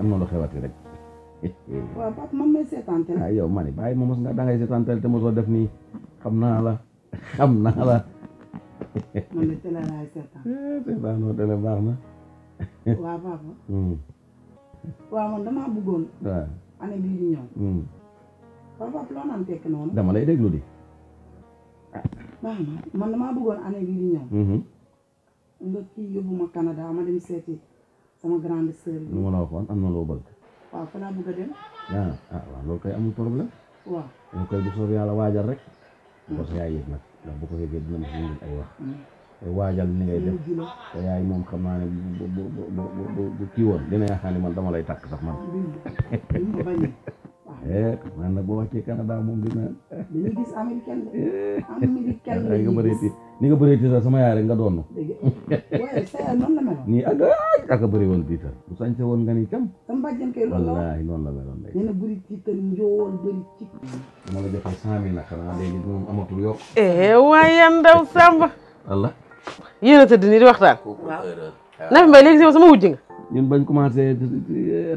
am na lu xewati rek. waaw Pape man may seetaantel. ah yow ma ne ma mos nga da ngay seetaantel te mosoo def nii xam naa la xam naa la. man de télé laay seetaan. seetaanoo eh, télé baax na. waaw Papa. Hmm. waaw man damaa bëggoon. waaw année bii di ñëw. Hmm. Papa noonu. dama lay déglu di. Hmm. kii yóbbu ma Canada ma dem seeti. sama grande la waxoon am na loo bëgg. waaw fa laa bëgg koy amul problème. waaw loolu koy bu soobee yàlla waajal rek. boo sa yaay yëg nag ndax bu ko yëgee dina mën ay wax. Mm. waajal ni ngay def te moom xam naa woon dina yaakaar ne man dama lay takk sax man. man nag boo wàccee Canada moom dina. dañuy a bëri woon la wallaahi noonu la meloon de. ñu ne bëri ci kër a di waxtaan. waaw Nafi Mbaye léegi sama wujj ñun bañ commencé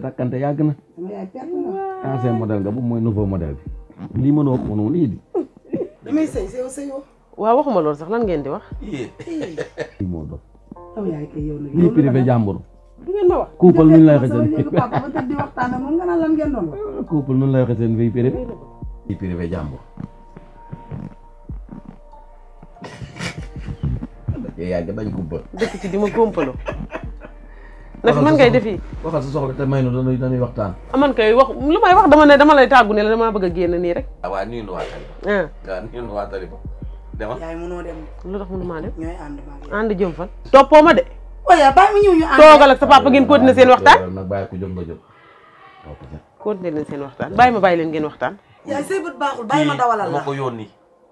takkante yag na ancien model nga bu moy nouveau model bi li mëno ko mëno li di damay sey sey sey wa waxuma lool sax lan ngeen di wax ke iya. yow iya. doon lii privé ya, wax couple ñu lay ya, xëcc couple ñu lay vie vie ya ya dëkk ya. kan eh, ci nag man kay def yi a sa soxla te may nu dañuy dañuy waxtaan man kay wax lu wax dama ne dama lay tàggu ne la damaa bëgg a génn nii rek ah, waaw nuyu nu waa Taliba ah. waaw nuyu nu waa Taliba demal yaay mënoo dem lu tax mënu maa dem ñooy ànd ànd jëm fan toppoo ma de waaye bàyyi mu ñëw sa papa ngeen continuer seen waxtaan nag bàyyi ko jëm nga jëm continuer leen seen waxtaan bàyyi ma bàyyi leen ngeen waxtaan yaay say bët baaxul bàyyi ma dawalal la ko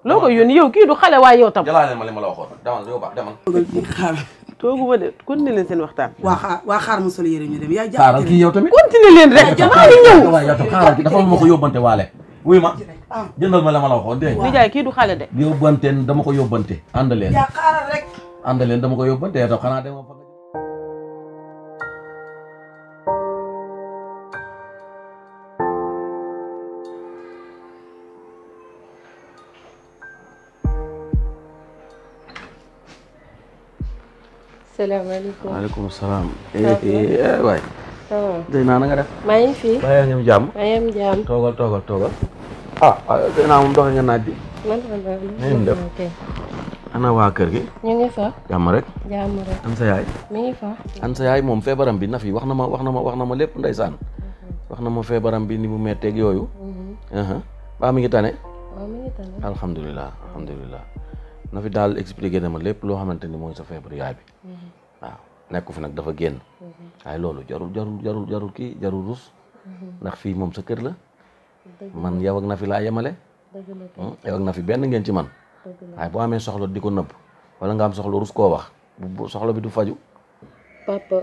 loo ko yónni yow kii du xale waaye yow tam. jëlaat leen ma li la waxoon demal yow ba demal. xaaral. toogu ma de continuer leen seen waxtaan. waa xaar waa xaar mu sol yére ñu dem. yaa jàpp xaaral kii yow tamit. continuer leen rek. maa ngi ñëw waaye yow tam xaaral kii dafa ma ko yóbbante ah. ma la ma la waxoon dégg nga. nijaay kii du xale de. yóbbante dama ko yóbbante ànd leen. yaa xaaral rek. ànd leen dama ko yóbbante yow tam xanaa dama salaamaaleykum waaleykum salaam. Eh, eh, eh, waay. Zeyna na nga def. maa ngi fi maa yaa jàmm. maa ngi am ah Zeyna ah, moom nga def ana waa kër gi. ñu ngi fa. jàmm rek. jàmm rek. an yaay. mi ngi fa. an yaay moom feebaram bi na fi wax na ma wax na ma wax na ma lépp ndeysaan. Mhm. wax na ma feebaram bi ni mu métteeg yooyu. Mhm. baa mi ngi tane. waaw mi na fi dal expliquer dama lepp lo xamanteni moy sa feebaru yaay bi mhm. waaw nekku fi nak dafa genn mhm. ay lolu jarul jarul jarul jarul ki jarul rus mhm. nak fi mom sa keur la man yaw ak na fi la yemale hmm, yaw ak na fi ben ngeen ci man ay bo amé soxlo diko neub wala nga am soxlo rus ko wax soxlo bi du faju papa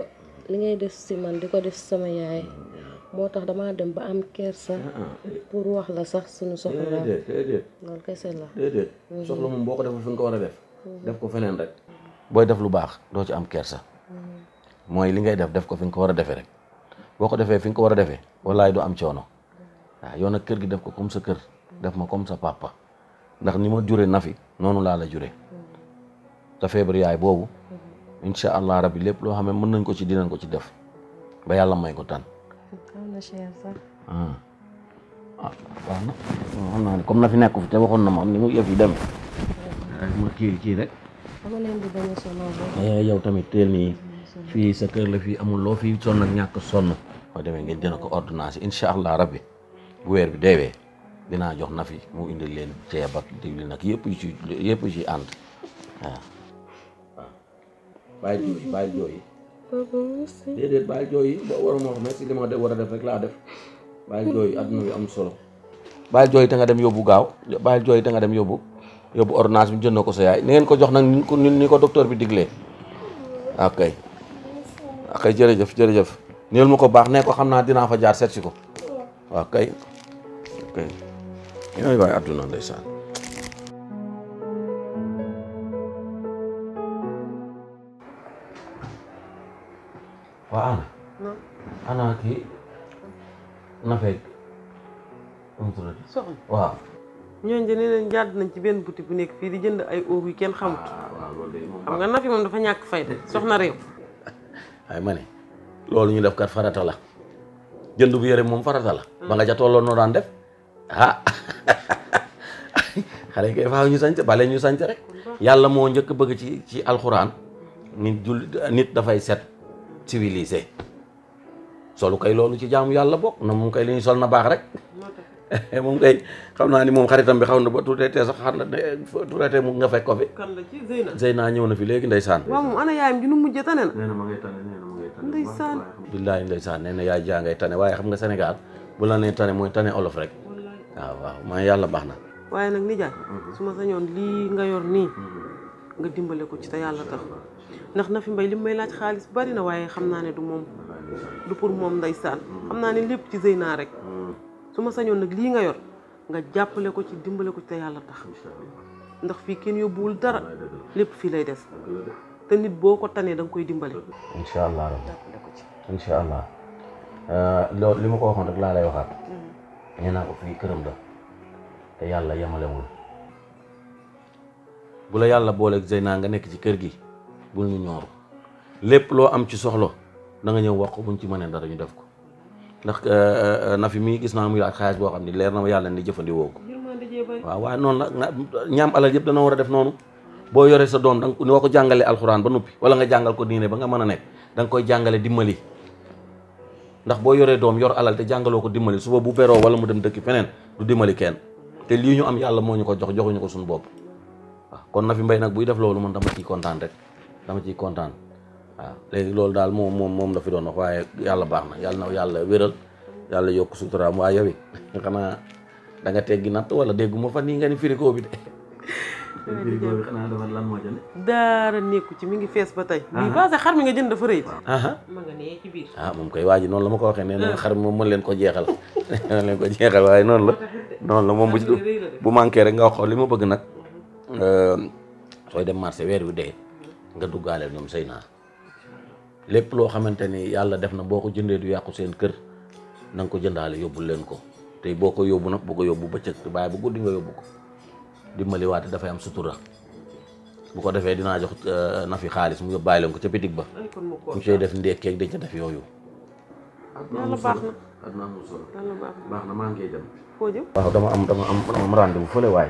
li ngay def ci man diko def sama yaay hmm, moo tax damaa dem ba am kersa. Ah, ah. pour wax la sax suñu soxla. déedéet déedéet loolu kese la. Mhm. soxla moom boo ko defee fi nga ko war a def. Mhm. def ko feneen rek. Mhm. booy def lu baax doo ci am kersa. mooy li ngay def def ko fi ko war a defee rek boo ko defee fi nga ko war a defee walaay du am coono waaw yow nag kër gi def ko comme sa kër def ma comme sa papa ndax ni ma jure na noonu laa la jure te feebar yaay boobu incha allah rabbi lépp loo xam ne mën nañ ko ci dinañ ko ci def ba yàlla may ko tànn. la ah. ah, na xam naa ne comme na fi nekk te waxoon na ma ni mu yëf yi demee. Ah, ma kii rek. dama leen di bañ a sonal eh, yow tamit teel sa kër la fii amul loo fii ñàkk sonn. boo demee ngeen jënd ko ordonnance yi incha allah rabbi bu weer bi deewee dinaa jox na fi mu indil leen ceeb ak diwlin nag yëpp yu ci yëpp yu déedéet bàyyi jooy ba waruma wax merci li ma war a def rek laa def bàyyi jooy adduna bi am solo bàyyi jooy te nga dem yóbbu gaaw bàyyi jooy te nga dem yóbbu yóbbu ordonnance bi jënd na ko sa yaay ni ngeen ko jox nag ni ko ni ko docteur bi diglee ok ah, ok ah, jërëjëf jërëjëf néel ma ko baax ne ko xam naa dinaa fa jaar seet si ko ah, kay ok yooyu waay adduna ndeysaan waa ana ana kii waaw ñooñu de nee nañ jàdd nañ ci benn boutique bu nekk fii di jënd ay óor yu kenn xamut ah, xam nga Nafi moom dafa ñàkk fayda soxna réew waaye ma ne loolu ñu def kat farata la jënd bu yére moom farata la hmm. ba nga ca tolloon noo daan def ah xale kay faaw ñu sañte bale ñu sañte rek yàlla moo njëkk bëgg ci ci alxuraan nit nit dafay set civilisé solu kay loolu ci jaamu yàlla bokk na moom kay li ñu sol na baax rek moom kay xam naa ni moom xaritam bi xaw na ba tuuteetee sax xar na tuuteetee mu nga fekk ko fi. kan la ñëw na fi léegi ndeysaan. waaw moom ana yaayam ji nu mujjee tane na. na ma ngay tane nee na billaahi ndeysaan nee na yaay jaa ngay tane waaye xam nga Sénégal bu la nee tane mooy tane olof rek waaw maa yàlla baax na. waaye nag nijaay mm-hmm. su ma sañoon lii nga yor nii mm-hmm. nga dimbale ko ci te yàlla tax. ndax fi Mbaye li mu may laaj xaalis bari na waaye xam naa ne du moom du pour moom ndeysaan xam naa ne lépp ci Zeyna rek su ma sañoon nag lii nga yor nga jàppale ko ci dimbale ko ci te yàlla tax fii kenn yóbbuwul dara lépp fii lay des te boo ko tanee da nga koy dimbale incha allah incha allah euh, loolu li ma ko waxoon rek laa lay waxaat mm-hmm. naa ko fii la yàlla yemalewul bu la yàlla booleeg Zeyna nga nekk ci kër gi bul ñu ñor lepp lo am ci soxlo da nga ñew wax ko buñ ci mëne dara ñu def ko ndax euh, euh, na fi mi gis na muy laaj xaalis bo xamni leer na ma ni jëfandikoo ko wa wa non la ñam alal yëp da na wara def nonu bo yoré sa doom danga ni wako jangalé alcorane ba noppi wala nga jangal ko diiné ba nga mëna nek koy jangalé dimbali ndax bo yoré doom yor alal te jangaloko dimbali su bo bu béro wala mu dem dëkk fenen du dimbali kenn te li ñu am yàlla mo ñu ko jox ñu ko suñu bop kon na fi mbay nak buy def lolu man dama ci contane rek dama ci contane wa legui loolu dal mom mom mom la fi don wax waye yalla baxna yalla naw yalla yàlla yalla yok sutura suturaam waaye yow xana da nga teggi nat wala dégguma fa ni nga ni firikoo bi de. firikoo bi xana dama lan mo jënd. dara neeku ci mi ngi fess ba tey. bii passé xar mi nga jënd dafa rëy. ma nga nee ci biir. ah mom koy waji non la mako ko waxee nee ah. xar moom mën leen ko jéxal mën leen ko jéxal waye non la. non la mom bu ci bu manké rek nga xol li bëgg nak mhm. euh soy dem marché wër wu dee. nga duggaale ñoom sëy naa lépp loo xamante ni yàlla def na boo ko jëndee du yàqu seen kër na ko jëndaale yóbbul leen ko te boo ko yóbbu nag bu ko yóbbu bëccëg bàyyi bu guddi nga yóbbu ko dimbaliwaate dafay am sutura bu ko defee dinaa jox euh, na fi xaalis mu bàyyi leen ko ca bitig ba mu cay def ndekkeeg dañ ca def yooyu yàlla baax na na maa ngi dem foo jëm waaw dama am dama am dama am rendez-vous fële waay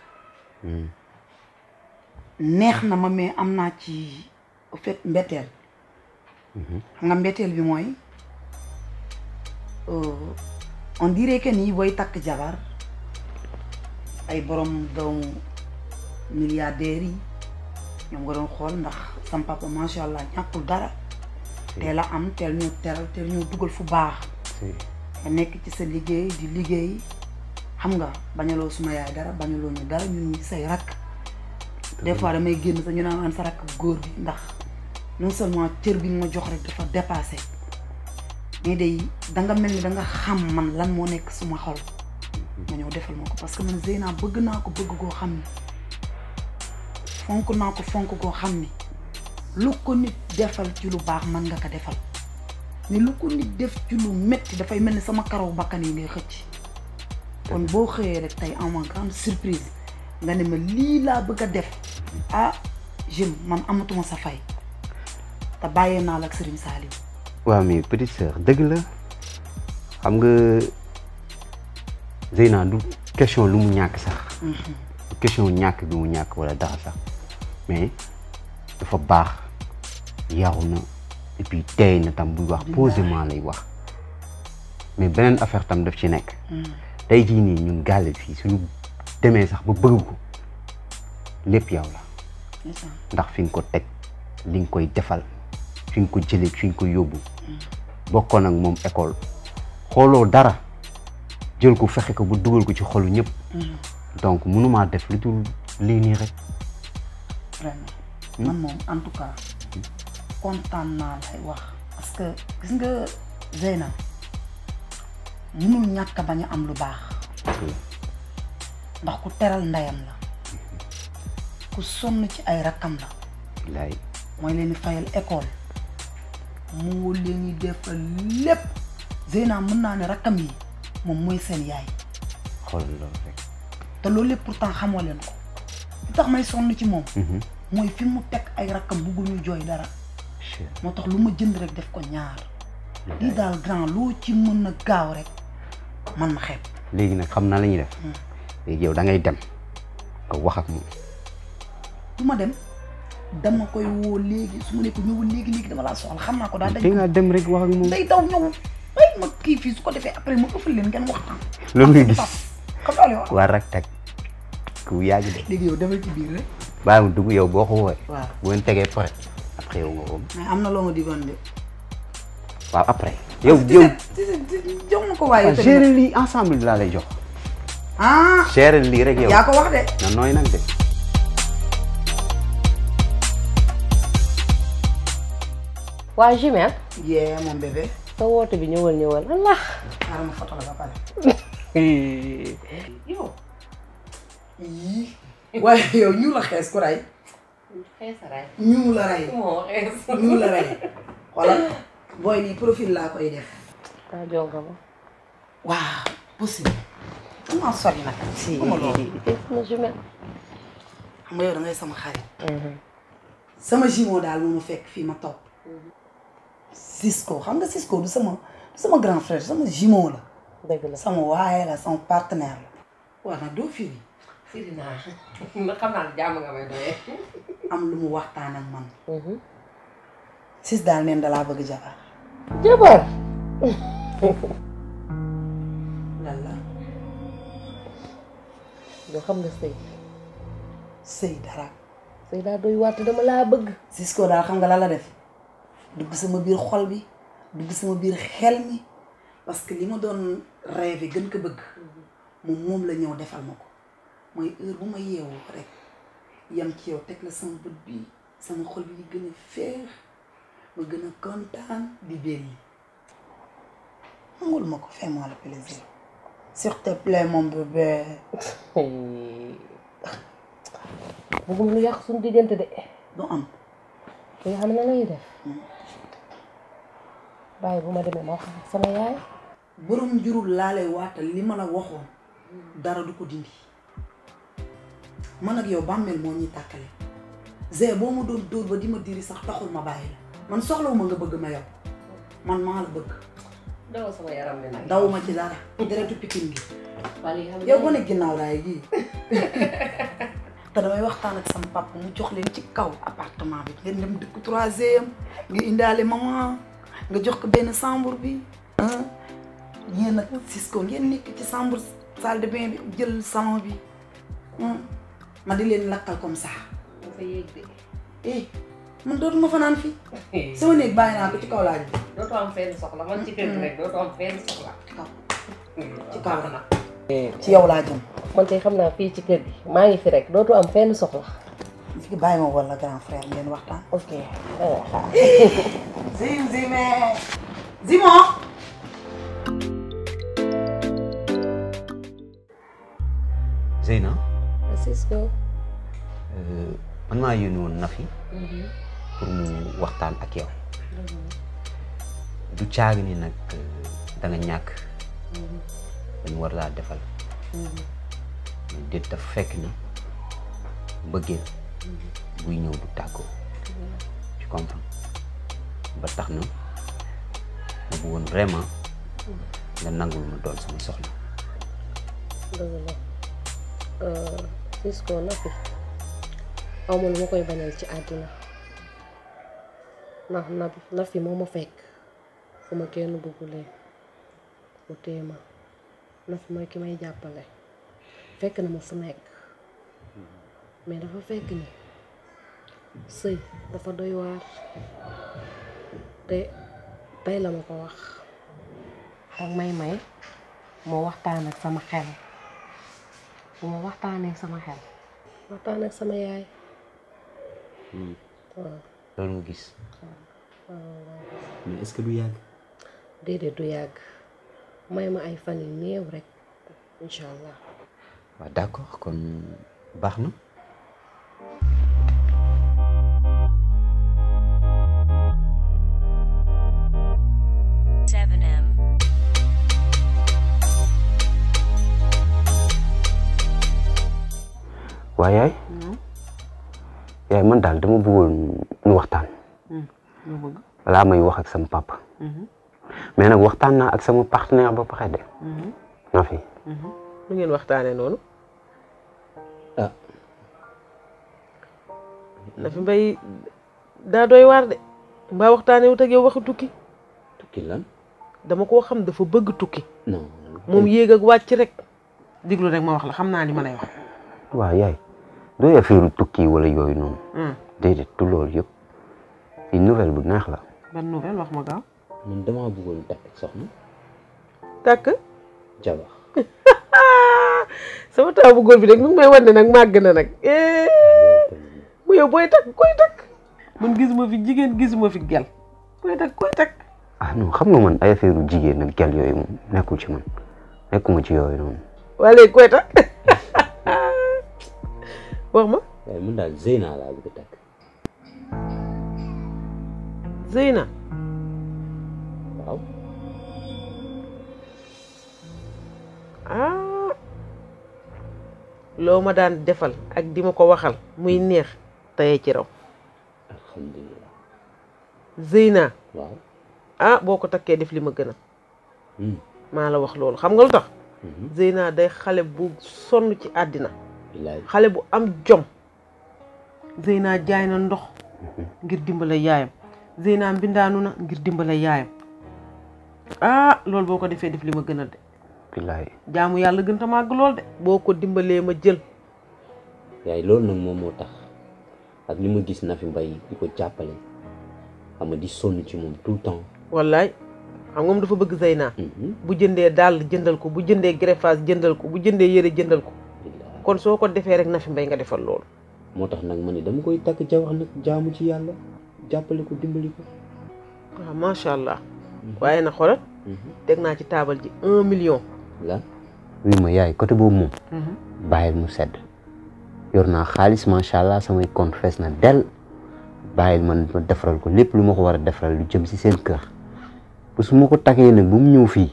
neex na ma mais am naa ci fet mbeteel xam nga mbetteel bi mooy euh, on dirait que nii booy takk jabar ay boroom doomu milliardaires yi ñoom nga doon xool ndax sam papa macha allah ñàkkul dara teel a am teel ñu teral teel ñoo dugal fu baax te nekk ci sa liggéey di liggéey xam nga bañ a suma yaay dara bañ a ñu dara ñun ñi say rakk des fois damay génn sa ñu naan an sa rakk góor bi ndax non seulement cër bi ma jox rek dafa dépassé mais day nga mel ni nga xam man lan moo nekk suma xol mhm. ma ñëw defal ma ko parce que man Zeyna bëgg naa ko bëgg goo xam ni fonk ko fonk goo xam lu ko nit defal ci lu baax man nga ko defal mais lu ko nit def ci lu metti dafay mel ni sama karaw bakkan yi ngay xëcc kon boo xëyee rek tey en ma grande surprise nga ne ma lii laa bëgg a def ah jim man amatuma sa fay te bàyyee naa la ak Serigne Saliou. waaw mais petite sœur dëgg la xam nga Zeyna du question lu mu ñàkk sax. Mhm. question ñàkk bi mu ñàkk wala dara sax mais dafa baax yaru na et puis tey na tam buy wax posément lay wax mais beneen affaire tam daf ci nekk. Mhm. tey jii nii ñun gàlle fii suñu demee sax ba bëgg ko lépp yow la ndax fi nga ko teg li koy defal fi nga ko jëlee fi ko yóbbu bokkoon ak moom école xooloo dara jël ko fexe ko bu dugal ko ci xolu ñëpp donc mënumaa def lu dul lii nii rek moom en tout cas kontaan wax parce que gis nga Zeyna mënul ñàkk a bañ am lu baax ndax ku teral ndeyam la ku sonn ci ay rakkam la mooy leen fayal école moo leen di defal lépp Zeyna mën naa ne rakkam yi moom mooy seen yaay te loolu lépp pourtant xamoo leen ko li tax may sonn ci moom mhm. mooy fi mu teg ay rakkam bugguñu jooy dara moo tax lu ma jënd rek def ko ñaar lii daal grand loo ci mën na gaaw rek man ma xeeb. léegi nag xam naa la ñuy def. Hmm. yow da ngay dem nga wax moom. du ma dem dama koy woo léegi su ma ne ko ñëwul léegi soxla xam naa ko daal dañ. nga dem rek wax moom day daw ñëw ay ma kii fii su ko defee après ma ëffal leen rak tak ku yaa de. léegi yow demal ci boo ko woowee. bu ngeen tegee pare après yow nga ko. mais am na loo ma digoon de. waaw après. yow yow jox ma ko waaye. gérer lii ensemble bi laa lay jox. ah gérer lii rek yow. yaa ko wax nooy nag de. waa Jumel. yee moom bébé. bi ñëwal ñëwal allah. yow. yii. waaye ku ray. xees ray. boy nii profil laa koy def. ah jonga ma. waaw Poucy. bu ma sori nag. si ma lool xam nga yow da ngay sama xarit. sama jumeau daal moo ma fekk fii ma Cisco xam nga Cisco do sama do sama grand frère sama jumeau la. dëgg la sama waaye la sama partenaire la. waaw nag doo firi. firi naa xam naa jàmm nga may doyee. am lu mu waxtaan ak sis daal neen la bëgg jabar c'est..? la xam nga sey. que dara Sey da doy wat dama la bëgg sis ko xam nga la la def dugg sama biir xol bi dugg sama biir xel mi parce que li ma doon rêve gën ko bëgg moom moom la ñëw defal ma ko heure bu ma yeewoo rek yam ci yow teg la sama bët bi sama xol bi ma gën a kontaan di bëri nangul ma ko fais-moi le plaisir s'il te plaît mon bébé bëggum lu yàq suñu diggante de du am li nga xam ne lañuy def hmm. bàyyi bu ma demee ma wax sama yaay borom jurul laa lay waatal li ma la waxoon dara du ko dindi man ak yow bàmmeel moo ñuy tàkkale Zé boo ma doon dóor ba di ma diri sax taxul ma bàyyi la man soxlawuma nga bëgg ma yow man maa la bëgg. daw sama yaram bi nag. daw ma ci dara. deretu pikin gi. yow ma ne ginnaaw raay yii. te damay waxtaan ak sama papa mu jox leen ci kaw appartement bi ngeen dem dëkk troisième nga indaale maman nga jox ko benn chambre bi. yéen nag Cisco ngeen nekk ci chambre salle de bain bi jël salon bi ma di leen lakkal comme ça. dafa yegg de eh. man dootuma fanaan fii. sama néeg bàyyi naa ko ci kaw laaj bi. dootoo am fenn soxla man ci kër gi rek dootoo am fenn soxla. Hmm, ci kaw na. ci yow laa jëm. man tey xam naa fii ci kër gi maa ngi fi rek dootoo am fenn soxla. fi bàyyi ma wala grand frère ngeen waxtaan. ok. zim zime zimo. Zeyna. Francisco. Euh, man maa yónni woon Nafi. Mhm. pour mu waxtaan ak yow du caagi ni nag euh, da nga ñàkk dañu war laa defal déet daf fekk ni mbëggeel buy ñëw du tàggoo tu comprends ba tax na ma bëggoon vraiment nga nangul ma doon sama soxla dëgg la euh, Cisco koy bañal ci àddina ndax nab naf yi moo ma fekk fu ma kenn bëggulee mu ma naf mooy ki may jàppale fekk na ma fu nekk mais dafa fekk ni sëy dafa doy waar te tey la ma ko wax ak may may moo waxtaan ak sama xel moo ma waxtaanee sama xel waxtaan ak sama yaay hmm. loolu gis mais est-ce que du yag dede du yag may ma ay fan neew rek inshallah wa d'accord kon baxna na hmm? yay man dal dama bëggoon ñu waxtaan balaa may wax ak sama papa. Mhm. mais nag waxtaan na ak sama partenaire ba pare de. Mhm. na mhm. nu ngeen waxtaanee noonu. ah. na fi mbay daa doy waar de mbaa waxtaanee wut ak yow waxi tukki. tukki lan. dama koo xam dafa bëgg tukki. moom yéeg ak wàcc rek. diglu rek ma wax la xam naa li ma lay wax. waaw yaay doo affaire tukki wala yooyu noonu. Hmm. déedéet du loolu yëpp. fii nouvelle bu naax la. ban nouvelle wax ma gaaw. man damaa bëggoon takk soxna. takk. jabar. sama góor bi nag mi ngi may wan ne nag màgg na nag. Eh, mu yow booy takk koy takk. man gisuma fi jigéen gisuma fi gel. koy takk koy takk. ah non xam nga man ay affaire jigéen ak gel yooyu moom nekkul ci man nekkuma ci yooyu noonu. waa takk wax ma. waaye man daal Zeyna laa bëgg takk. Zeyna waaw ah loo ma daan defal ak di ma ko waxal muy neex tey ci raw alhamdulilah Zeyna ah boo ko takkee def li ma gën a hmm. maa la wax loolu xam nga lu tax hmm. Zeyna day xale bu sonn ci àddina xale bu am jom Zeyna jaay na ndox hmm. ngir dimbale yaayam Zeyna mbindaanu na ngir dimbale yaayam ah loolu boo ko defee def li ma gënal de. billaay jaamu yàlla gën ta màgg lool boo ko dimbalee ma jël. yaay loolu nag moom moo tax ak li ma gis na fi mbay ko jàppale xam nga di sonn ci moom tout le moom dafa bëgg Zeyna. Mhm. bu jëndee dàll jëndal ko bu jëndee greffage jëndal ko bu jëndee yére jëndal ko. kon soo ko defee rek nafi mbay nga defal loolu. moo tax nag ma ne dama koy takk jawax nag jaamu ci yàlla. jàppale ko dimbali ko. waaw ah, macha allah. waaye na xoolal. teg naa ci taabal ji un million. la ma yaay côté boobu moom. Mhm. bàyyil mu sedd. yor naa xaalis macha allah samay compte na del bàyyil man ma defaral ko lépp lu ma ko war a defaral lu jëm si seen kër. ba su ma ko takkee nag bu mu ñëw fii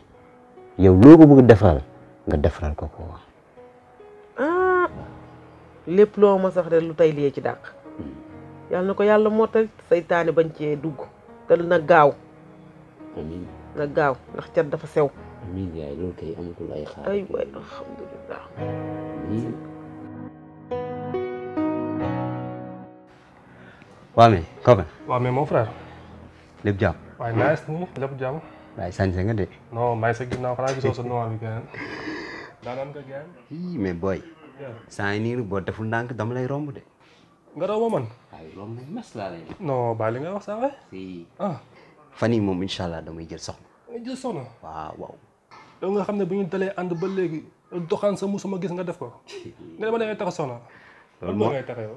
yow loo ko bëgg defaral nga defaral ko ko. ah lépp loo ma sax de lu tey lii ci dàq. yàlla na ko yàlla mottali saytaane bañ cee dugg te na gaaw amiin na gaaw ndax cat dafa sew amiin yaay loolu kay amatul ay xaar ay waay alhamdulilah deful ndànk dama lay romb de nga raw ma man. waaye loolu moom mes laa lay def. non bàyyi li nga wax eh? saa ah. fan yii moom incha allah damay jël soxna. damay jël soxna. waaw waaw. nga xam ne bu ñu dalee ànd ba léegi doxaan sa ma gis nga def ko. nga dama dangay tax loolu moom ngay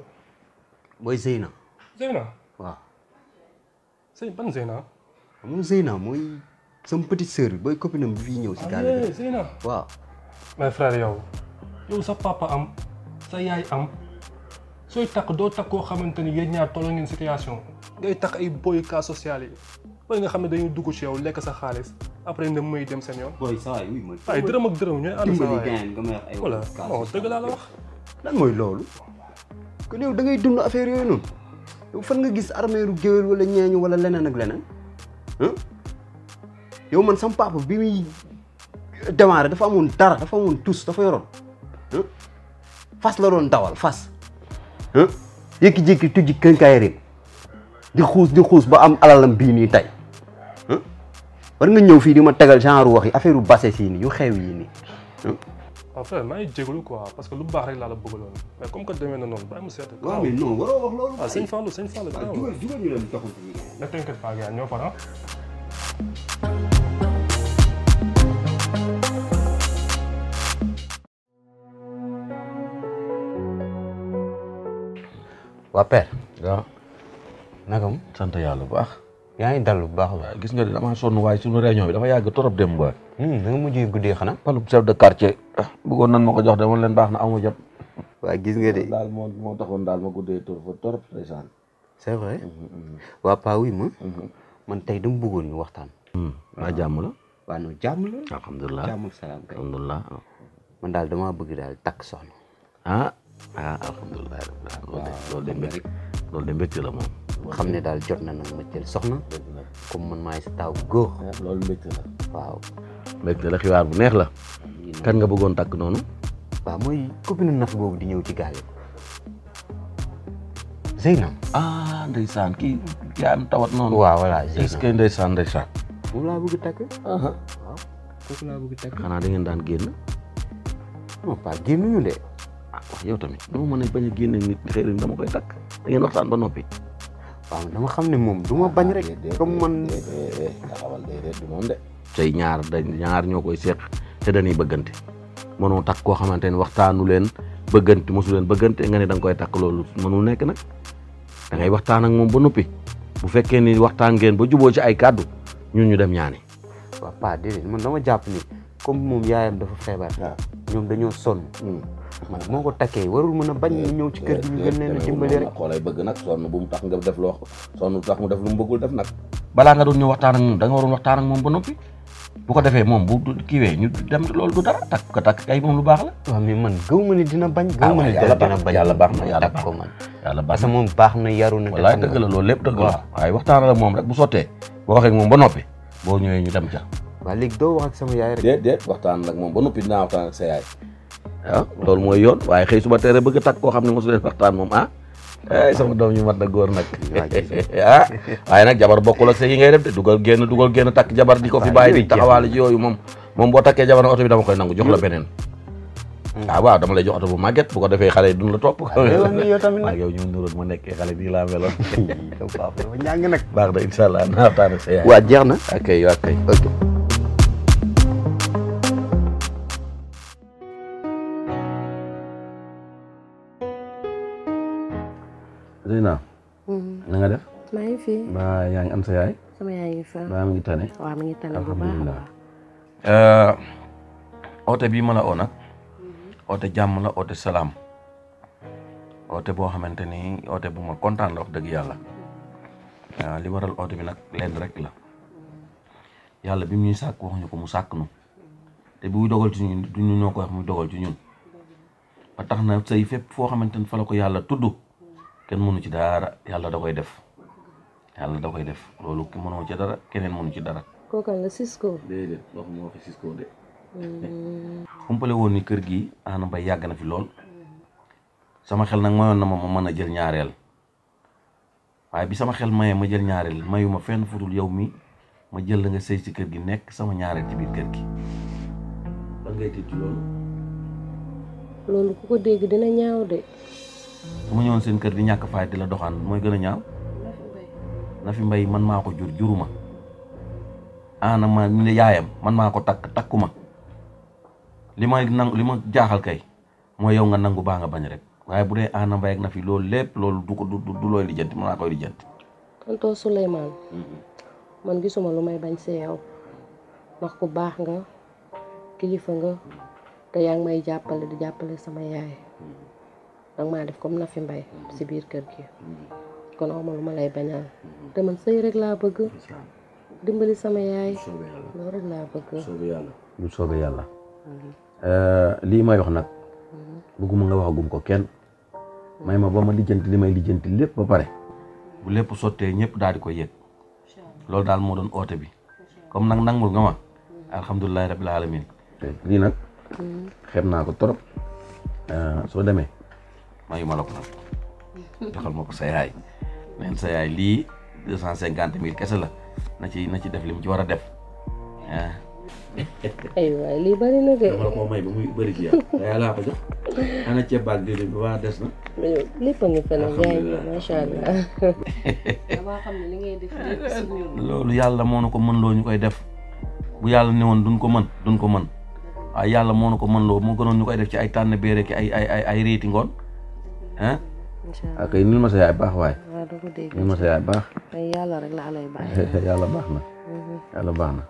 mooy Zeyna. Zeyna. waaw. sëñ ban Zeyna. moom Zeyna muy sama petite sœur bi booy copine am bi fii ñëw si gaal. Zeyna waaw. mais frère yow sa papa am sa yaay am. sooy takk doo takk koo xamante ni yéen ñaar tolloo ngeen situation ngay takk ay boy cas social yi nga xam ne dañuy dugg ci yow lekk sa xaalis après nga muy dem seen yoon. booy saa yi ma. waaye dërëm ak dërëm ñooy ànd. saa ay voilà bon oh, dëgg laa mooy loolu. kon yow da ngay dund affaire yooyu noonu fan nga gis armeeru géwél wala ñeeñu wala leneen ak leneen yow man sama papa bi muy démarré dafa amoon dara dafa amoon tus dafa yoroon fas la doon dawal fas. yëkki-jékki tujji kënkaayareem di xuus di xuus ba am alalam bii nii tey war nga ñëw fii di ma tegal genre wax yi affaire u base sii nii yu xew yi nii. en fait maa ngi parce que lu baax rek laa la bëggaloon mais comme que demee na noonu bàyyi mu seet. waaw mais non waroo wax loolu. ah sëñ Fallou sëñ Fallou. waaw jugal jugal ñu dem taxul. ne Waper, ya waaw. naka Santai sant yàlla bu baax. yaa ngi dal lu ya, baax la. gis nga damaa sonn waaye suñu réunion bi dafa yàgg ya, torop dem waay. da nga mujj guddee xanaa. palub chef de quartier. bëggoon nan ma ko jox de man mau, kan, baax ah, eh? mm-hmm, mm-hmm. mm-hmm. hmm, na amu jàpp. waa gis nga de daal moo moo taxoon daal ma guddee tor fa torop ndeysaan. c'est vrai. waa Paa wuy ma. man tey dama bëggoon ñu waxtaan. waa jàmm la. waaw non jàmm la. alhamdulilah jàmm man bëgg soxna. ah. ah alhamdulilah loolu de loolu de mbégte la moom. xam ne daal jot na nag ma jël soxna. comme man maay sa taaw góor. Eh, loolu mbégte la. waaw. mbégte la xibaar bu neex la. kan nga bëggoon takk noonu. waaw mooy copine naf boobu di ñëw ci gaal yi. Zeynam. ah ndeysaan kii kii am tawat noonu. waaw voilà Zeynam est-ce que ndeysaan ndeysaan. moom laa bëgg laa bëgg takk. xanaa da ngeen daan génn. non pas génnuñu de. yow tamit dama mën a bañ a génne nit xëy na dama koy takk da ngeen ba noppi. waaw xam ne moom du ma bañ rek. Ah, comme man tey ñaar dañ ñaar ñoo koy seq te dañuy bëggante noo takk koo xamante ne waxtaanu leen bëggante mosu leen bëggante nga ne da nga koy takk loolu mënul nekk nag da ngay waxtaan ak moom ba noppi bu fekkee ni waxtaan geen ba juboo ci ay kàddu ñu ñu dem ñaani. waaw pas déedéet man dama jàpp ni comme moom yaayam dafa feebar. Ah. ñoom dañoo sonn. Hmm. man moo ko takkee warul mën bañ ñu ci kër gi ñu gën leen dimbali rek xoolay bëgg nag sonn bu mu tax nga def loo sonn tax mu def lu mu bëggul def nag balaa nga doon ñëw waxtaan ak moom da nga waroon waxtaan ak moom ba noppi bu ko defee moom bu kiiwee ñu dem loolu du dara takk ko takk kay moom lu baax la waaw mais man gëw ma ni dina bañ gëw ma ni dina bañ yàlla baax na yàlla baax ko man baax na moom baax na yaru na la loolu la waxtaan la moom rek bu moom ba noppi ñu dem wax ak sama yaay rek waxtaan moom ba noppi waxtaan ak sa yaay waaw ya, moy mooy yoon waaye xëy suba teere bëgg tak ko koo xam ne mosu leen waxtaan moom ah ay eh, sama doom ñu mat na góor nak waye nak jabar bokku la sey ngay dem te dugal genn dugal genn tak jabar diko fi baye di taxawal ci yooyu mom moom boo takkee jabar auto bi dama koy nangu jox la benen mm. ah waaw dama lay jox auto bu màgget bu ko defé xalé duñ la topp ah, yow tamit nag yow ñu nuróon ma nekkee xale bii laa meloon ñàng nag baax da inshallah na naataana sey yaay waa jeex na akay waa kay Zeyna. na hmm. nga def. Ma ngi fi. Ba yaa ngi am sa yaay. sama yaay ngi fa. Ba mi ngi tane. Wa mi ngi tane bu baax Euh oote bi mala la nak. nag. Hmm. oote jàmm la oote salam. oote bo xamanteni ni bu ma contane la wax deug Yalla. waaw ya, li waral oote bi nak leen rek la. Yalla bi mu ñuy sàkk waxuñu ko mu sakku nu. te bu dogal ci ñun duñu ñoko wax mu dogal ci ñun. ba tax na sey fépp fo xamanteni fa la ko yàlla tudd. Ken munu ci dara yalla da koy def yalla da koy def lolou ki munu ci dara kenen munu ci dara. kokal la Cisco. wax mo fi Cisco de. kumpale hmm. won ni keur gi ana ba yag na fi lol sama xel nak mayon na ma meuna jël ñaarel waye bi sama xel maye ma jël ñaarel mayu ma fenn fudul yow mi ma jël la nga sey ci keur gi nek sama ñaarel ci biir keur gi. ba ngay tiit lolou lolou kuko deg dina ñaaw de. su ma ñëwoon seen kër di ñàkk fay di la doxaan mooy gën a ñaaw na mbay man maa ko jur juruma ana ma ni yaayam man maa ko takk takku ma li ma nangu li ma jaaxal kay mooy yow nga nangu baax nga bañ rek waaye bu dee ana mbay ak na fi loolu lépp loolu du ko du du looy lijjanti mën naa koy lijjanti. tonton Souleymane. Mm-hmm. man gisuma lu may bañ see yow ndax ku baax nga kilifa nga te yaa ngi may jàppale di jàppale sama yaay. danga maa def comme Nafi Mbaye mm-hmm. si biir kër gi mm-hmm. ma lay bañal mm-hmm. laa bëgg dimbali sama yaay loolu rek euh, wax nag bëgguma nga ko kenn ma ba ma lijjanti li may lijjanti lépp ba pare lépp sottee ñëpp daal di ko yëg loolu daal moo doon oote bi nag nangul nga ma alhamdulilahi rabbil alamin lii nag xeeb naa ko trop euh, soo demee mayu ma la ko nag lii deux cinquante mille kese la na ci na ci def li mu ci war a def ah. aywa lii li loolu yàlla moo na ko mën loo ñu koy def bu yàlla ne woon dun ko mën dun ko mën yàlla moo na ko mën loo moo gënoon ñu koy def ci ay tànn béere ki ay ay ngoon ak ini masih apa, baax way ñu ma say baax yaalla rek la lay baax yaalla baaxna ya, yaalla mm-hmm. ya, baaxna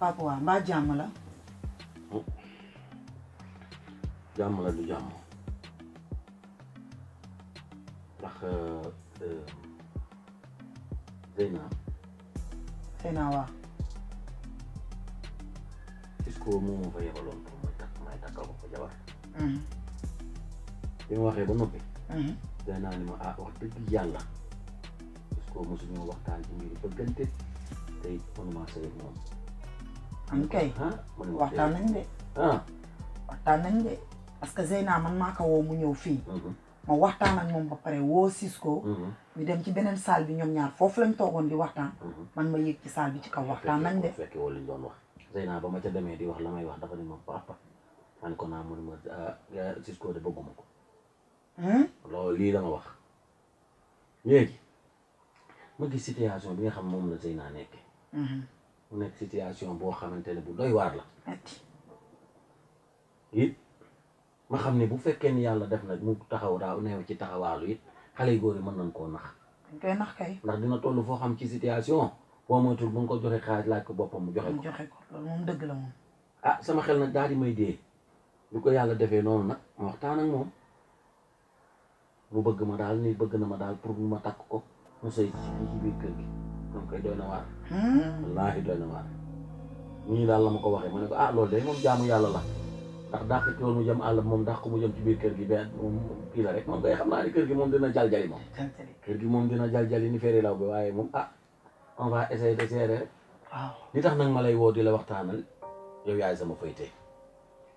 papa wa ba jamm la jàmm la du jàmm ndax euh, euh, Zeyna. Zeyna waaw. Cisco moom moo fa yebaloon pour may takk may takkal ko ko jabar. Mm-hmm. bi ma waxee ba noppi. Mm-hmm. Zeyna ni ma ah wax dëgg yàlla. Cisco mosuñu waxtaan ci mbiri bëggante te it mënuma sëy moom. am kay. Ah, waxtaan nañ de. Ah. waxtaan nañ de. parce que Zeyna man maa ko woo mu ñëw fii. Mhm. ma waxtaan ak moom ba pare woo Cisco. Mhm. ñu dem ci beneen salle bi ñoom ñaar foofu lañ toogoon di waxtaan. Mhm. man ma yéeg ci salle bi ci kaw waxtaan nañ de. bu fekkee wala ñu doon wax Zeyna ba ma demee di la may wax dafa ne ma papa man ko ah, ah, hmm? lii la ma wax. léegi ma gis situation bi nga xam moom la Zeyna nekk. Hmm. mu nekk situation boo xamante ne bu doy waar la. ma xam ne bu fekkee ni yàlla def na mu taxaw daaw neew ci taxawaalu yi xale yu góor yi mën nañ koo nax. ndax dina toll foo xam ci situation boo moytul bu ñu ko joxe xaaj laaj ko boppam mu joxe ko. joxe ko loolu dëgg la moom. Ah, sama xel nag daal di may dee ko yàlla defee noonu nag ma waxtaan ak moom bëgg ma daal ni bëgg na ma daal pour ma takk ko mu sëy ci biir kër gi donc koy doy na waar. Hmm? wallaahi doy na waar. ñu daal la ma ko waxee ma ne ko ah loolu de moom jaamu yàlla la. ndax dàq ki woon mu jëm àll moom dàq mu jëm ci biir kër gi benn moom kii la rek moom kay xam naa ne kër gi moom dina jaljali moom kër gi moom dina jaljali ni feeri law bi waaye moom ah on va essayer de gérer rek li tax nag ma lay woo di la waxtaanal yow yaay sama fayte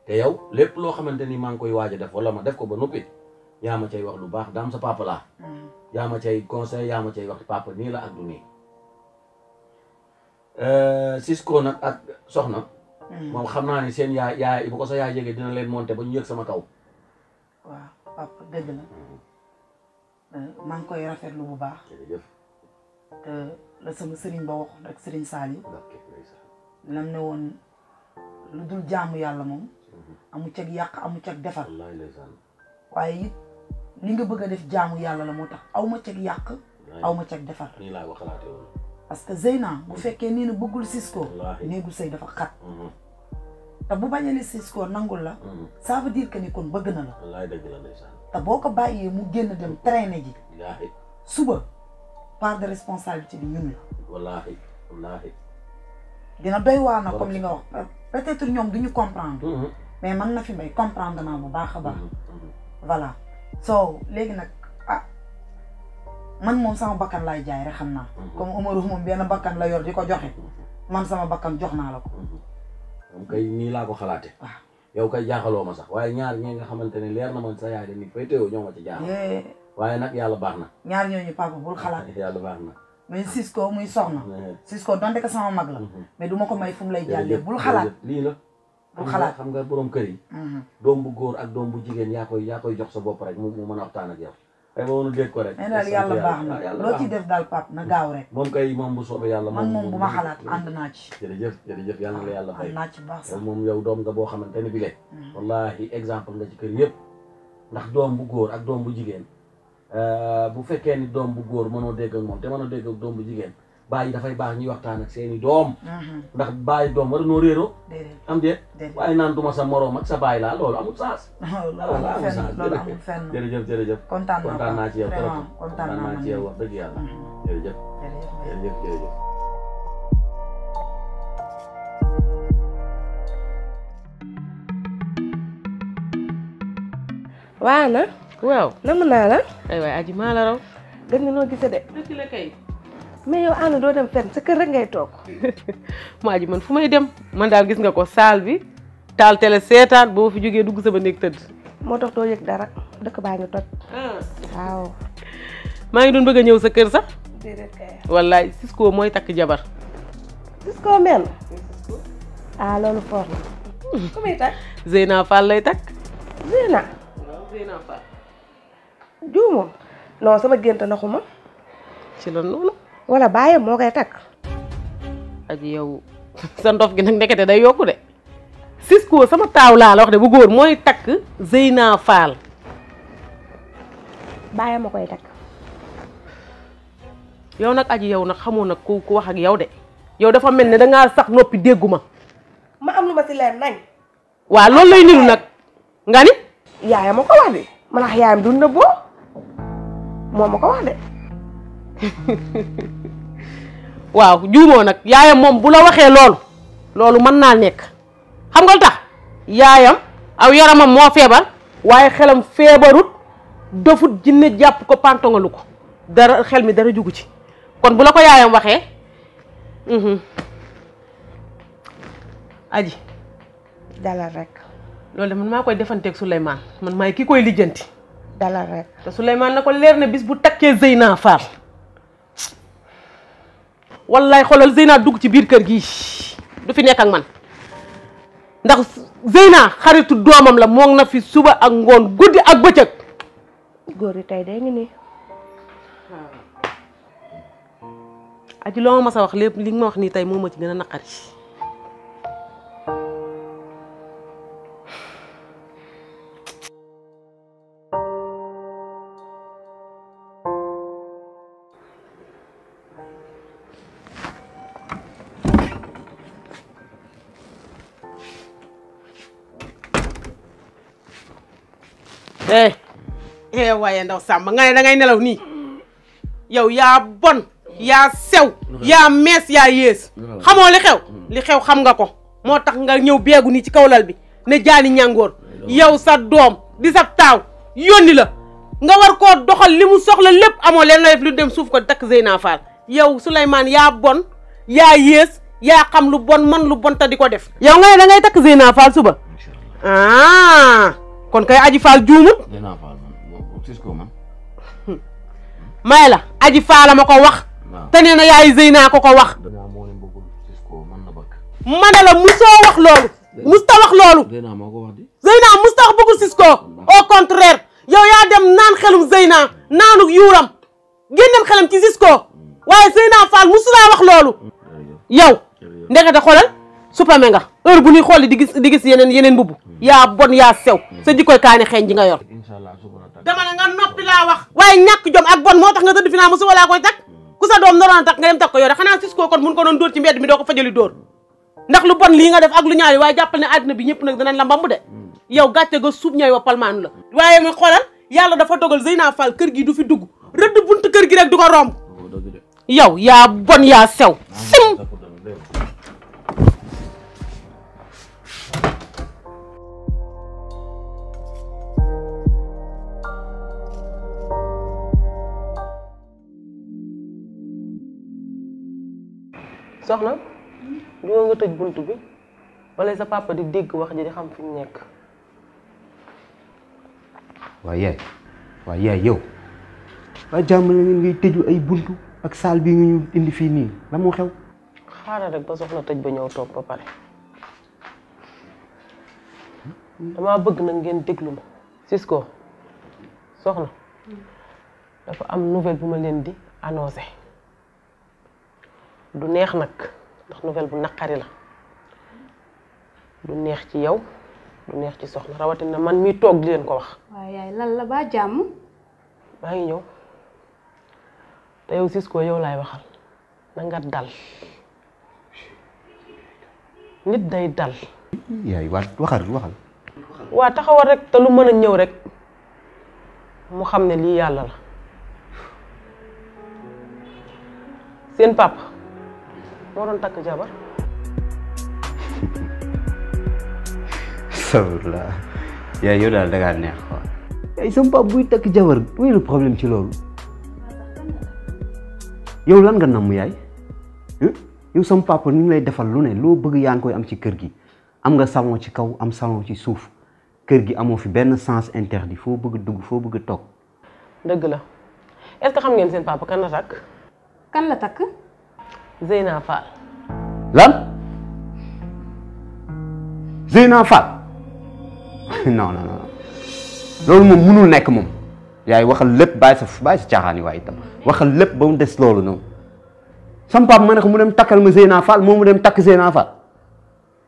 te yow lépp loo xamante ni maa ngi koy waaj a def wala ma def ko ba noppi yaa ma cay wax lu baax daam sa papa laa mm. yaa ma cay conseil yaa ma cay wax papa nii la ak du nii euh, Cisco ak soxna Mm. moom xam naa ne seen yaay yaay bu ko sa yaay jege dina leen monté ba ñu yëg sama kaw. waaw papa dëgg la mm-hmm. euh, maa ngi koy rafetlu bu baax. te la sama sëriñ ba wax rek sëriñ Saali. lam ne woon lu dul jaamu yàlla moom. Mm-hmm. amu cag yàq amu cag defar. waaye it li nga bëgg a def jaamu yàlla la moo tax aw ma cag yàq. aw ma cag defar. nii laa ko xalaatee Zeyna bu fekkee nii ne bëggul Cisco. néegu sëy dafa xat. Mm-hmm. ta bu bañé a ci score nangul la mm. ça veut dire que ni kon bëgg na la wallahi dëgg la ndeysaan ta boko bayé mu génn dem trainer ji wallahi suba part de responsabilité bi ñun la wallahi wallahi dina doy wa na comme li nga wax peut être ñom duñu comprendre mm-hmm. mais man na fi may comprendre na bu baaxa a baax mm-hmm, mm-hmm. voilà so légui nak ah, man mom sama bakkan lay jaay rek xamna comme omarou mom ben bakkan la yor diko joxe man sama bakkan joxnalako moom kay nii laa ko xalaate ah. yow kay jaaxaloo ma sax waaye ñaar ñi nga xamante ni leer na man sa yaay de nit fay teewoo ñoo ma ci jaaxal. Eh. waaye nag yàlla baax na. ñaar ñooñu papa bul xalaat. yàlla baax na. mais Cisco muy soxna. Eh. Cisco donte ko sama mag la. Mm-hmm. mais du ma ko may fu mu lay jàllee bul xalaat lii la. bul xalaat xam nga borom kër yi. Mm-hmm. doom bu góor ak doom bu jigéen yaa koy yaa koy jox sa bopp rek mu mën a waxtaan ak yow. rek ma mënul dégg ko rek. daal yàlla na loo ci def daal pap na gaaw rek. moom kay moom bu soobee yàlla. man moom bu ma xalaat ànd naa ci. jërëjëf jërëjëf yàlla na la yàlla fay. ànd naa ci baax moom yow doom nga boo xamante ni bi de. Mm. wallaahi exemple nga ci kër yëpp. ndax doom bu góor ak doom bu jigéen euh, bu fekkee ni doom bu góor mënoo dégg ak moom te mënoo dégg doom bu jigéen da fay baax ñi waxtaan ak seeni doom. Mhm. ndax bàyyi doom war no réeroo. am de way naan duma sa morom ak sa bàyyi la lolu amul saas. Ah, loolu amul fenn loolu amul fenn jërëjëf jërëjëf. kontaan naa kontaan naa ci yow trop kontaan naa ci yow wax dëgg yàlla. Mhm. jërëjëf jërëjëf jërëjëf. waana. waaw namm naa la. aywa aji maa la raw. dañ nga noo de. dëgg la kay. mais yow ànd doo dem fenn sa kër rek ngay toog maa ji man fu may dem man daal gis nga ko saal bi taal télé seetaan boo fi jógee dugg sama néeg tëdd. moo tax doo yëg dara dëkk baa ngi toj. Ah. maa ngi doon bëgg a ñëw sa kër sax. déedéet kay. wallaay Cisco mooy takk jabar. Cisco mel. ah loolu fort na. ku lay takk. Zeyna. gént naxuma. ci la noonu. wala baayam moo koy takk. aji yow sa ndof gi nag ndekete day yokku de Cisco sama taaw laa la wax de bu góor mooy takk Zeyna Fall. baayam ma koy takk. yow nag aji yow nag xamoo nag ku ku wax ak yow de yow dafa mel ne dangaa sax noppi déggu ma. ma am lu ma si leer nañ. waaw loolu lay niru nag nga ni. yaayam ma ko wax de man yaayam du nëbboo moom ma ko wax de. waaw juumoo nag yaayam moom bu la waxee loolu loolu mën naa nekk xam nga lu tax yaayam aw yaramam moo feebar waaye xelam feebarut dofut jinne jàpp ko pantongalu ko dara xel mi dara jugu ci kon bu la ko yaayam waxee mhm aji dalal rekk loolu de man maa koy defanteeg Souleymane man maay ki koy lijjanti dalal rek te Souleymane na ko leer ne bis bu takkee Zeyna Fall wallaay xoolal Zeyna dugg ci biir kër gi du fi nekk ak man ndax Zeyna xaritu doomam la moom na fi suba ak ngoon guddi ak bëccëg. góor yi tey day ngi nii. aji loo ma mës wax lépp li ma wax nii tey moo ma ci gën a naqari. Eh. eh waaye ndaw Samba nga ne dangay nelaw nii yow yaa bon yaa sew yaa mees yaa yées xamoo li xew li xew xam nga ko moo tax nga ñëw beegu nii ci kaw lal bi ne jaani ñàngoor yow sa doom di sa taaw yónni la nga war ko doxal li mu soxla lépp amoo leen la def lu dem suuf ko takk Zeyna Fall yow Souleymane yaa bon yaa yées yaa xam lu bon man lu bon te di ko def yow nga ne dangay takk Zeyna Fall suba ah kon kay aji faal juumut. dinaa la aji faala ma ko wax. te nee na ko ko wax. ma musoo wax loolu. musta wax loolu. Zeyna musta wax bëggul au contraire yow yaa dem naan xelum Zeyna naanu yuuram génneem xelam ci Cisco mm. waaye Zeyna Fall musu laa loolu. Mm. yow ndekete xoolal. Super nga heure bu ni xol di gis di gis yenen yenen bubu ya bon ya sew sa jikko kaani xeeñ ji nga yor dama ne nga nopi la wax waaye ñak jom ak bon motax nga tëdd fi naa mu suba koy tak ku sa dom naroon tak nga dem tak ko yor xana sis koo kon mun ko doon dóor ci mbedd mi do ko fajeeli dóor ndax lu bon li nga def ak lu ñaari waaye jappal ne àddina bi ñepp nak danañ la mbamb de yow gatte go soup ñooy wa palman la waye mi xolal yalla dafa dogal Zeyna Fall kër gi du fi dugg redd buntu kër gi rek du ko romb yow ya bon ya sew sim soxna du nga tej buntu bi wala sa papa di deg wax jadi xam fi mu waye waye yo, ba yaay yow la ngeen ngay teju ay buntu ak sal bi ñu indi fi ni la mo xew xara rek ba soxna tej ba ñëw top ba pare dama bëgg na ngeen deglu ma Cisco soxna dafa am nouvelle bu ma leen di annoncer du neex nag ndax nouvelle bu naqari la du neex ci yow du neex ci soxna rawatina man mi toog leen ko wax. waaw yaay lan la ba jàmm. maa ngi ñëw te yow Cisco yow laay waxal na nga dal nit day dal. yaay wa waa taxawal rek te lu mën a ñëw rek mu xam ne lii yàlla la seen papa. Waron tak jabar sabula Ya yow ya daal da ngaa neex quoi yaay sama pap buy takk jabar muy le problème ci loolu yow lan nga namm yaay yow ni eh, ya, lay kan ya, eh? eh? defal lu ne Lu bëgg yang ngi koy am ci kër gi am nga salon ci kaw am salon ci suuf kër gi amoo fi benn sens interdit foo tok. la est-ce que xam ngeen seen papa kan la takk kan la Zeyna Fall. lan Zeyna Fall non non non loolu nekk moom yaay waxal lépp bàyyi sa bàyyi sa waxal lépp ba mu des loolu noonu sama papa ma mu dem takkal ma Zeyna Fall moom mu dem takk Zeyna Fall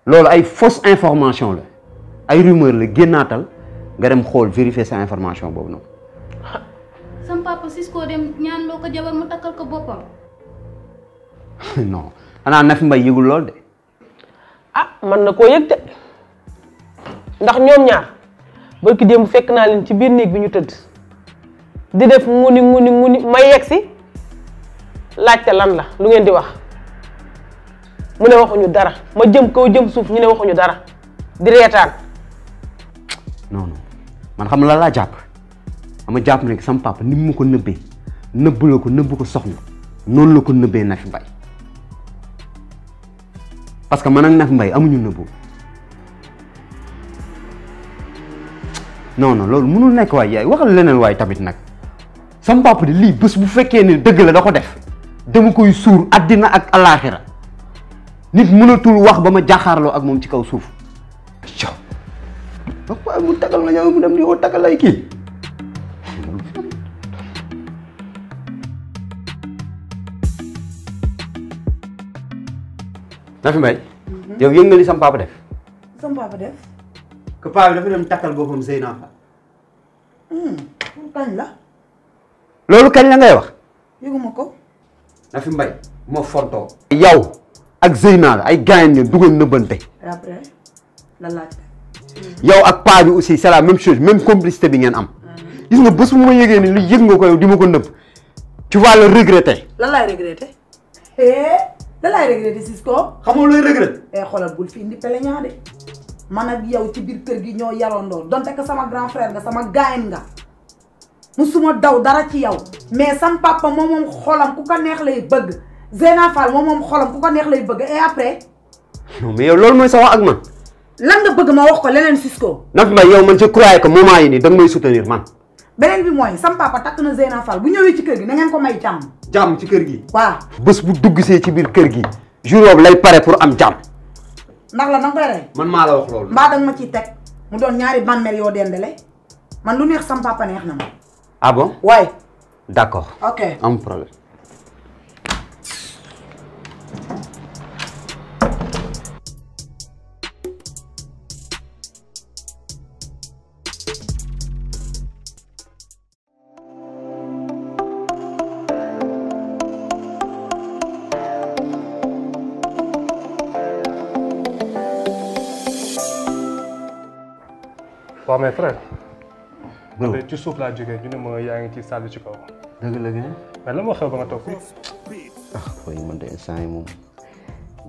loolu ay fausse information la ay la génnaatal nga dem xool vérifier sa information boobu noonu. dem ñaan loo ko jabar mu takkal ko boppam. non xanaa Nafi Mbaye yëgul lool de. ah man na koo yëg de ndax ñoom ñaar barki bu fekk naa leen ci biir néeg bi ñu tëdd di def nguni nguni nguni may yegg si laajte lan la lu ngeen di wax mu ne waxuñu dara ma jëm koo jëm suuf ñu ne waxuñu dara di reetaan. non non man xam la laa jàpp ama jàpp ne sama papa ni mu ko nëbbee nëbb la ko nëbb soxna noonu la ko nëbbee Nafi Mbaye parce que man ak Naf mbay amuñu nëbbu non non lolou mënul nek way yaay waxal leneen way tamit nak sam papa di li bëss bu fekkee ni dëgg la dako def dama koy sour adina ak alakhirah nit mënatul wax bama jaxarlo ak mom ci kaw suuf. yow waaye mu tagal na ñaw mu dem di woo tagal ay na fi may yow yëg nga li sam papa def. sam papa def. que papa bi dafa dem takkal boppam Zeyna Fall. Hmm, kañ la. loolu kañ la ngay wax. yëguma ko. na fi mbay moo fontoo. yow ak Zeyna ay gaañ ñu dugal nëbbante. après la laaj. yow ak paa bi aussi c'est la même chose même complicité bi ngeen am. Hmm. gis nga bés bu ma lu yëg nga ko yow di ko nëbb. tu vas le regretter. lan da laay regretté si ko. xamoo looy regretté. eh xoolal bul fi indi peleñaa de man ak yow ci biir kër gi ñoo yaroondoo donte que sama grand frère nga sama gaayen nga musuma daw dara ci yow mais sam papa moom moom xolam ku ko neex lay bëgg Zeyna Fall moom moom xolam ku ko lay bëgg et après. non mais loolu mooy sa wax ak man. lan nga bëgg ma wax ko leneen Cisco. Nafi Mbaye yow man je croyais que moment yi nii danga may soutenir man. beneen bi mooy sam papa takk na Zeyna Fall bu ñëwee ci kër gi na ngeen ko may jàmm. jàmm ci kër gi. waaw bés bu dugg see ci biir kër gi. jour boobu lay pare pour am jàmm. ndax la na nga koy rey. man maa la wax loolu. mbaa danga ma ci teg mu doon ñaari bàmmeel yoo dendale man lu neex sam papa neex na ma. ah bon waaye. d'accord. ok am problème. waaw mais frère. man de ci suuf ñu ne ma yaa ngi ci salle bi ci kaw. dëgg la moo xew ba nga toog fii. ah booy de instant yi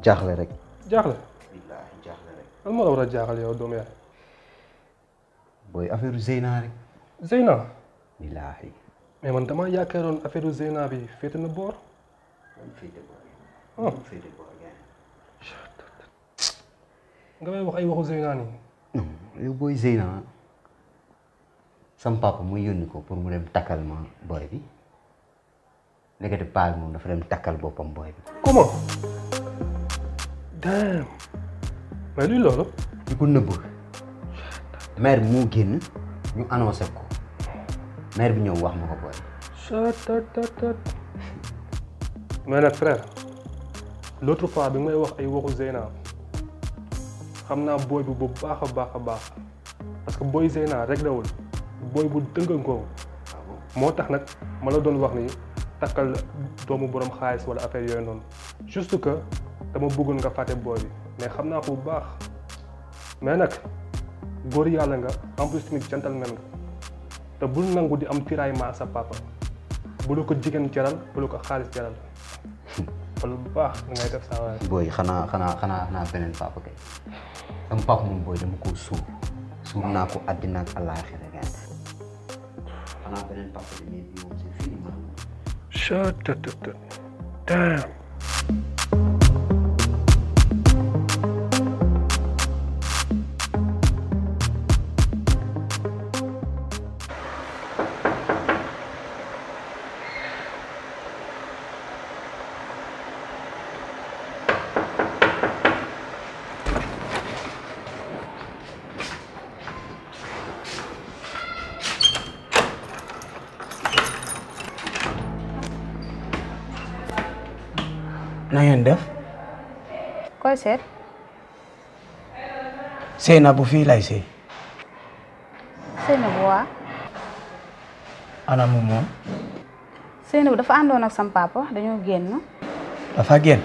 jaaxle rek. jaaxle. billaahi jaaxle rek. lan moo la war a jaaxal yow doomu yaay. booy affaire Zeyna rek. Zeyna. billaahi. mais man damaa bi féete na boor. féete nga may wax ay waxu Zeyna nii. non sama papa mu yónni ko pour mu dem takkal ma booy bi nekkati paa bi moom dafa dem takkal boppam booy bi. comment. damn. mais luy loolu. di ko nëbb. maire bi moo génn ñu annoncé ko maire bi ñëw wax ma ko booy. chat mais nag frère l'autre fois bi may wax ay waxu Zeyna xam naa booy bi bu baax a baax a baax parce que booy Zeyna réglé wul. booy bu dëngankoo moo tax nag ma la doon wax ni takkal doomu borom xaalis wala affaire yooyu noonu juste que dama bëggoon nga fàtte booy bi mais xam naa ko bu baax mais nag góor yàlla nga en plus tamit gentleman nga te bul nangu di am tiraillement sa papa bu la ko jigéen jaral bu la ko xaalis jaral wala bu baax da ngay def saa waay. booy xanaa xanaa xanaa xanaa beneen papa kay sama papa moom booy dama ko suur suur naa ko àddina ak àllaaxira Shut bene il papà Shut up. Damn. seet. Seynabou fii lay sëy. Seynabou waa. ana mu moom. Seynabou dafa àndoon ak sam papa dañoo génn. dafa génn.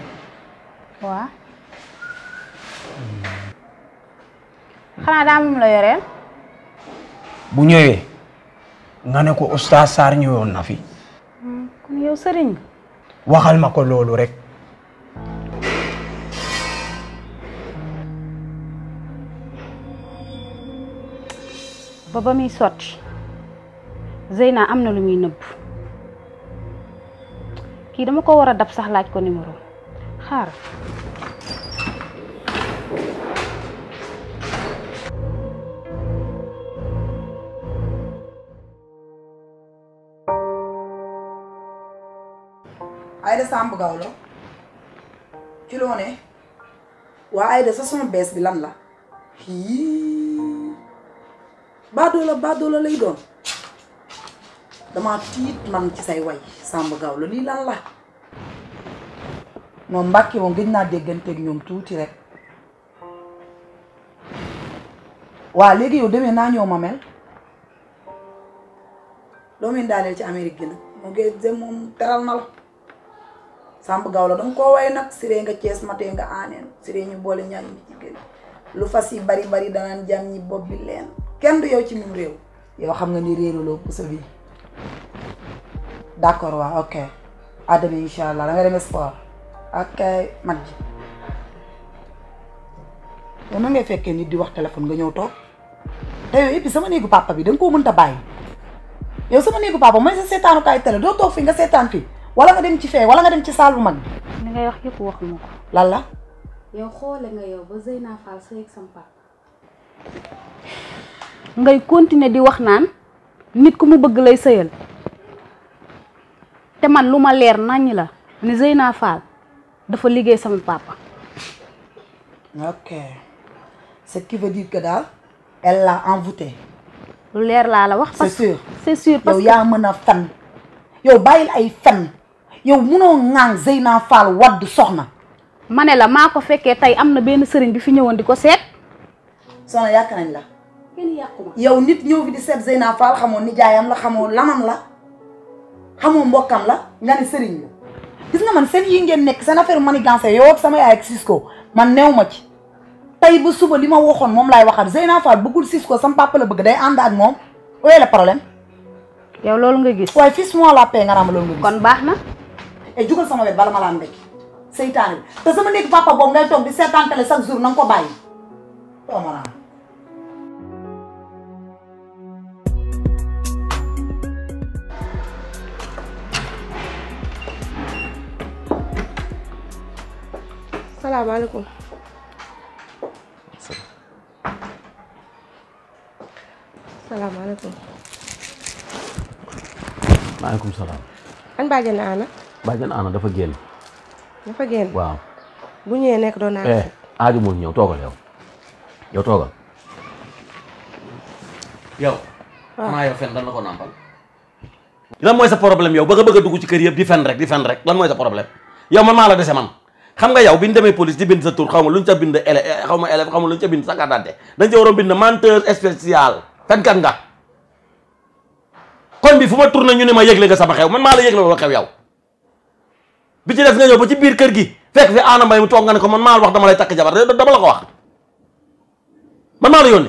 waa. xanaa daa la yoreel. bu ñëwee nga ne ko oustaz Sarr ñëwoon na fi. Hmm, kon yow sëriñ. waxal ma ko loolu rek. ba ba muy sotti Zeyna am na lu muy nëbb kii dama ko war a dab sax laaj ko numéro xaar Aïda Samb la baadoola baadoola lay don dama tit man ci say way Samba lo li lan la mo mbacke mo gëj naa ak ñom tuuti rek wa léegi yu demee na ñoo ma mel min dalé ci Amérique gi nag mo ngi dem mom teral na la Samba la dang ko way nak siree nga ties maté nga anen siree ñu bolé ñaan ñi ci gën lu fas yi bari bari nan jam ñi bobbi bi kenn du yow ci mim réew yow xam nga ni réeruloo puso bi d'accord waaw ok àddama incha allah da dem espoir ok mag ji yow na ngay fekkee nit di wax téléphone nga ñëw toog te yow yëpp sama néegu papa bi da koo mënta bàyyi yow sama néegu papa mooy sa seetaanukaay télé doo toog fi nga seetaan fi wala nga dem ci fee wala nga dem ci saal bu mag bi. li ngay wax yëpp wax ma ko. lan la. yow xoole nga yow ba Zeyna Fall sa yëg sama papa. ngay continuer di wax naan nit ku mu bëgg lay sëyal te man lu ma leer naññ la ne Zeyna Fall dafa liggéey sama papa. ok ce qui veut dire lu leer laa la wax. c'est sûr c'est sûr parce yaa mën a fen yow bàyyil ay fen yow munoo ŋaan Zeyna Fall wadd soxna. ma ne la maa ko fekkee tey am na benn sëriñ bi fi ñëwoon di ko seet. soxna yàq nañ la. yow nit ñew fi di set Zeyna Fall xamoo jaayam la xamoo lamam la xamoo mbokam la nga ni sëriñ la gis nga man seen yi ngeen nek seen affaire manigance yow ak sama yaay Cisco man newuma ci tay bu suba lima waxon mom lay waxat waxaat Zeyna Fall bëggul Cisco sama papa la bëgg day and ak mom oy la problème yow lolou nga gis way fils mo la paix nga ram lolou nga gis kon baxna e jugal sama wet bala ma laa mbéj seytaane bi te sama nek papa bo ngay tok di seetaan chaque jour nang ko salaamaaleykum. salaamaaleykum. maaleykum salaam. an bàjjen Aana. bàjjen Aana dafa génn. dafa génn waaw. nekk doon naa. eh aaju moo ñëw toogal yow yow toogal. yow. waaw ah. maa yow fen dan la ko nàmpal. lan mooy sa problème yow ba nga bëgg a dugg ci kër yëpp di fen rek di fen rek lan mooy sa problème man maa la dese man. xam nga yow bi ñu demee police di bind sa tur xaw ma lu ñu ca bind élève xaw ma élève xaw ma lu ñu ca bind sa kàddante dañ ca waroon bind menteur spécial fenkat nga kon bi fu ma tur tourné ñu ne ma yëgle nga sama xew man maa la yëgle wala xew yow bi ci ci biir kër gi fekk fi Anna Mbaye toog nga ne ko man maa wax dama lay takk jabar dama la ko wax man maa la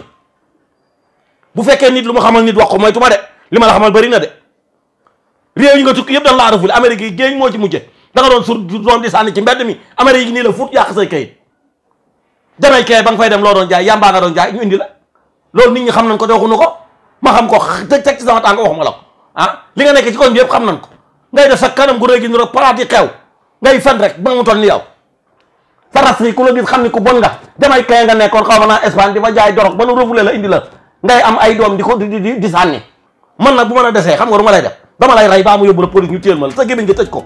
bu fekkee nit lu ma xamal nit wax ko moytu ma de li ma la xamal bëri na de réew yi nga tukki yëpp dañ laa raful Amérique yi géej moo ci mujje da nga doon sur doom di sànni ci mbedd mi Amérique yi nii la fut yàq say kayit jamay kay ba nga fay loo doon jaay yàmbaa nga doon jaay ñu indi la loolu nit ñi xam nañ ko doxuñu ko ma xam ko te teg ci sama tànk waxuma la ko ah, li nga nekk ci koñ yëpp xam nañ ko ngay def sa kanam gu rëy gi ñu rek palaat yi xew ngay fen rek yow sa ras yi ku la bon nga jamay kay nga nekkoon xaw ma naa Espagne di fa jaay dorog ba nu indi la ngay am ay doom di ko di di sànni man nag bu mën a desee xam nga lu ma lay def dama lay rey baa mu yóbbu la police ñu téel ma la sa gémmiñ nga tëj ko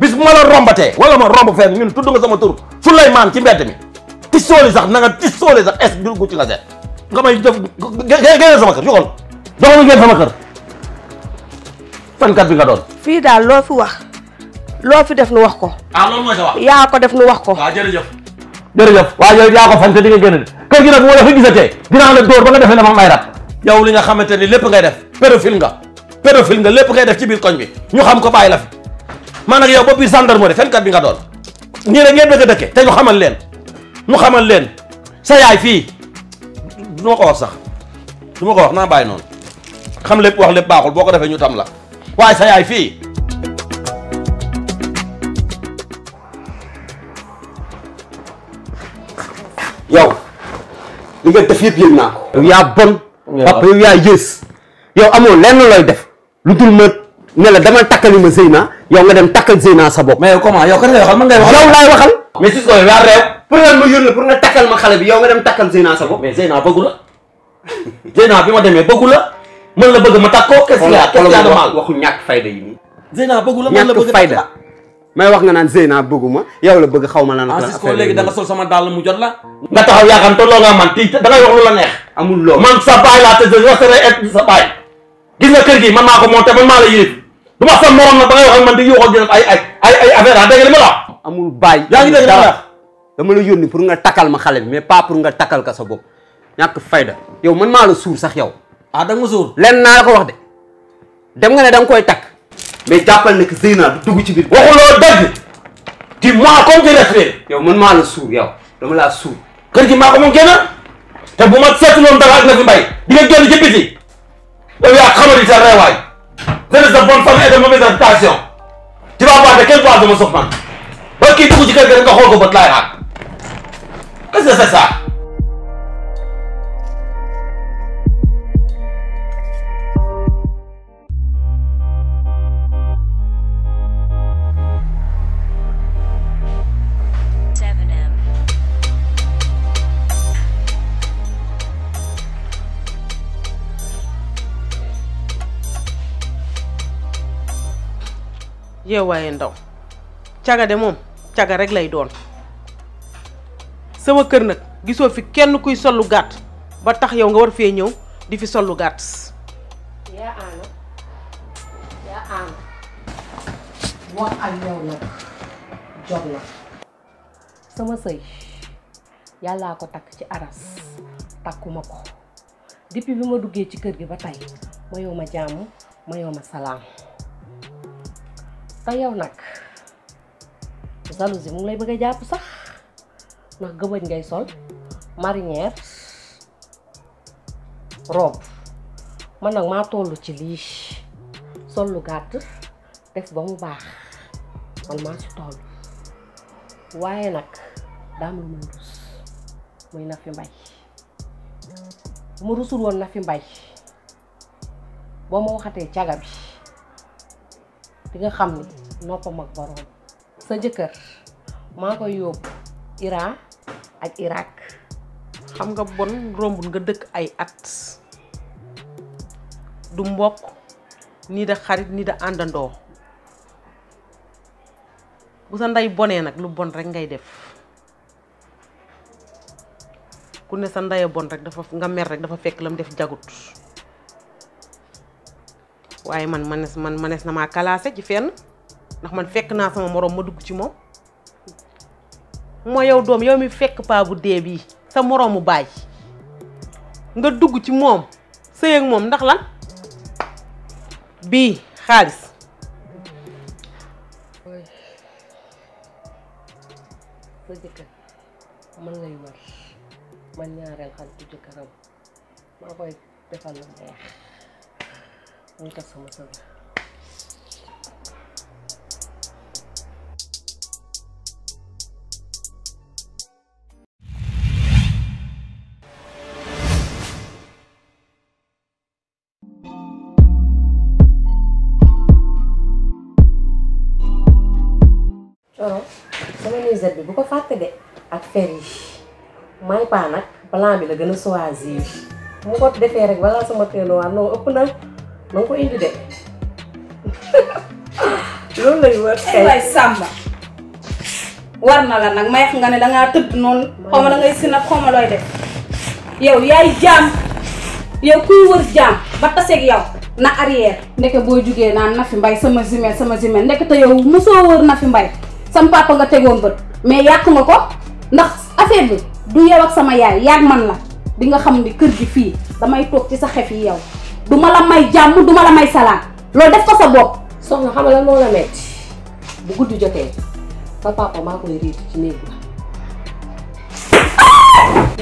bis bu ma la te wala ma romb fenn ñun tudd nga sama tur Souleymane ci mbedd mi tissooli sax na nga tissooli sax est gu ci nga seet nga may def génne sama kër joxoon doxalu ngeen sama kër fankat bi nga doon fii daal loo fi wax loo fi def nu wax ko ah loolu mooy def nu wax ko waaw jërëjëf jërëjëf waaw yow yaa ko fante di nga génn kër gi nag wala fi gisatee dinaa la dóor ba nga defee ne moom ay rat yow li nga xamante ni lépp ngay def pédophile nga pédophile nga lépp ngay def ci biir koñ bi ñu xam ko bàyyi la fi maanaam yow ba biir gendarmerie fenkat bi nga doon nii rek ngeen bëgg a dëkke te ñu xamal leen ñu xamal leen sa yaay fii du ma ko wax sax du ma ko wax naa bàyyi noonu xam lépp wax lépp baaxul boo ko defee ñu tam la waaye sa yaay fii yow li nga def yëpp yëg naa ko yow yaa bon papa yow yow amoo lenn looy def lu dul mët ne la dama takali ma Zeyna yow nga dem takal Zeyna sa bopp. mais comment yow kan ngay waxal man ngay waxal. yow lay waxal. mais ci yow yaa rew pour lan ma yurne pour nga takal ma xale bi yow nga dem takal Zeyna sa bopp. mais Zeyna bëggu Zeyna bima demé demee man la bëgg ma takko qu'est-ce qu'il y a qu'est-ce qu'il y a de mal waxu ñak fayda yi ni Zeyna bëggu man la bëgg fayda. may wax nga nan Zeyna bëgguma yow la bëgg xawma lan ko ko ah, affaire da nga sol sama dal mu jot la nga taxaw to lo nga man ti da nga wax lu la neex amul lo man sa bay la te sa bay gis nga keur gi man mako monter man maa la duma sa morom na da ngay wax ak man di yu di def ay ay ay ay affaire da ngay mala amul bay ya ngi dégg li la wax dama la yónni pour nga takal ma xalé mais pas pour nga takal ka sa bop ñak fayda yow man ma la sour sax yow. ah da nga sour len na la ko wax de dem nga ne dang koy tak mais jappal ne que Zeyna du dugg ci bir waxu lo dag di ma ko di refé yow man ma la sour yow dama la sour keur gi mako mo moom te buma ma seetlu dara ak na fi mbay di nga génn ci biti yow ya xamari di rewaye c'est de bonne famille et de mauvaise réputation tu vas avoir de quelle place dama soxla ba kii dugg ci kër gi rek nga xool ko yow waye ndaw tiaga de mom tiaga rek lay doon sama keur nak giso fi kenn kuy sollu gàtt ba tax yow nga war ñew di fi sollu gàtt ya ana ya ana wa ay yow nak jox la sama sey yalla ko tak ci aras takuma ko depuis bima duggé ci kër gi ba tay jamm salam tayau nak jalousie mu ngi lay bëgg Nah jàpp sax sol marinière robe man nag maa toll sol lu gàtt def ba mu baax man maa ci toll waaye nag daam lu may rus muy Nafi Mbay bu ma rusul Mbay di nga xamni nopa mak borom sa jëkër mako yob Iran ak Irak xam nga bon rombu nga dëkk ay at du mbokk ni da xarit ni da andando bu sa nday boné nak lu bon rek ngay def ku ne sa nday bon rek dafa nga mer rek dafa fekk lam def jagut waaye man manes man manes na maa classé ci fenn ndax man fekk naa sama morom ma dugg ci moom moo yow doom yow mi fekk paa bu dee bi sa moroomu baay nga dugg ci moom sëy ak moom ndax lan bii xaalis sa jëkkër man lay war man ñaareel xaritu jëkkëram maa koy defal la neex Enggak sama-sama. Coro, sama niser de ak mai yi may paa nag plan bi la gën a choisir mu ko defee rek balaa sama teeluwaar loolu ëpp na Mau kok ini deh? Lu lagi buat kayak. kay waay Samba war na la nag ma yàq nga ne dangaa tëdd noonu xaw ma da ngay sinap jam. ma looy def yow yaay Yo, yow kuy wër jaam ya, na arrière ya. ndeke boy juga. Na Nafi Mbaye sama jumelle sama jumelle ndeke tuh yo mosoo na Nafi Sampai sam papa nga ber? bët mais yàq nga ko ndax affaire du yawak sama yaay yaag man la di nga xam ni kër gi fii damay toog ci sa xef yi yow du ma la may jàmm du ma la may salaam loolu def ko sa bopp. soxna xam nga moo la metti bu guddi jotee sa papa maa koy riitu ci néeg la.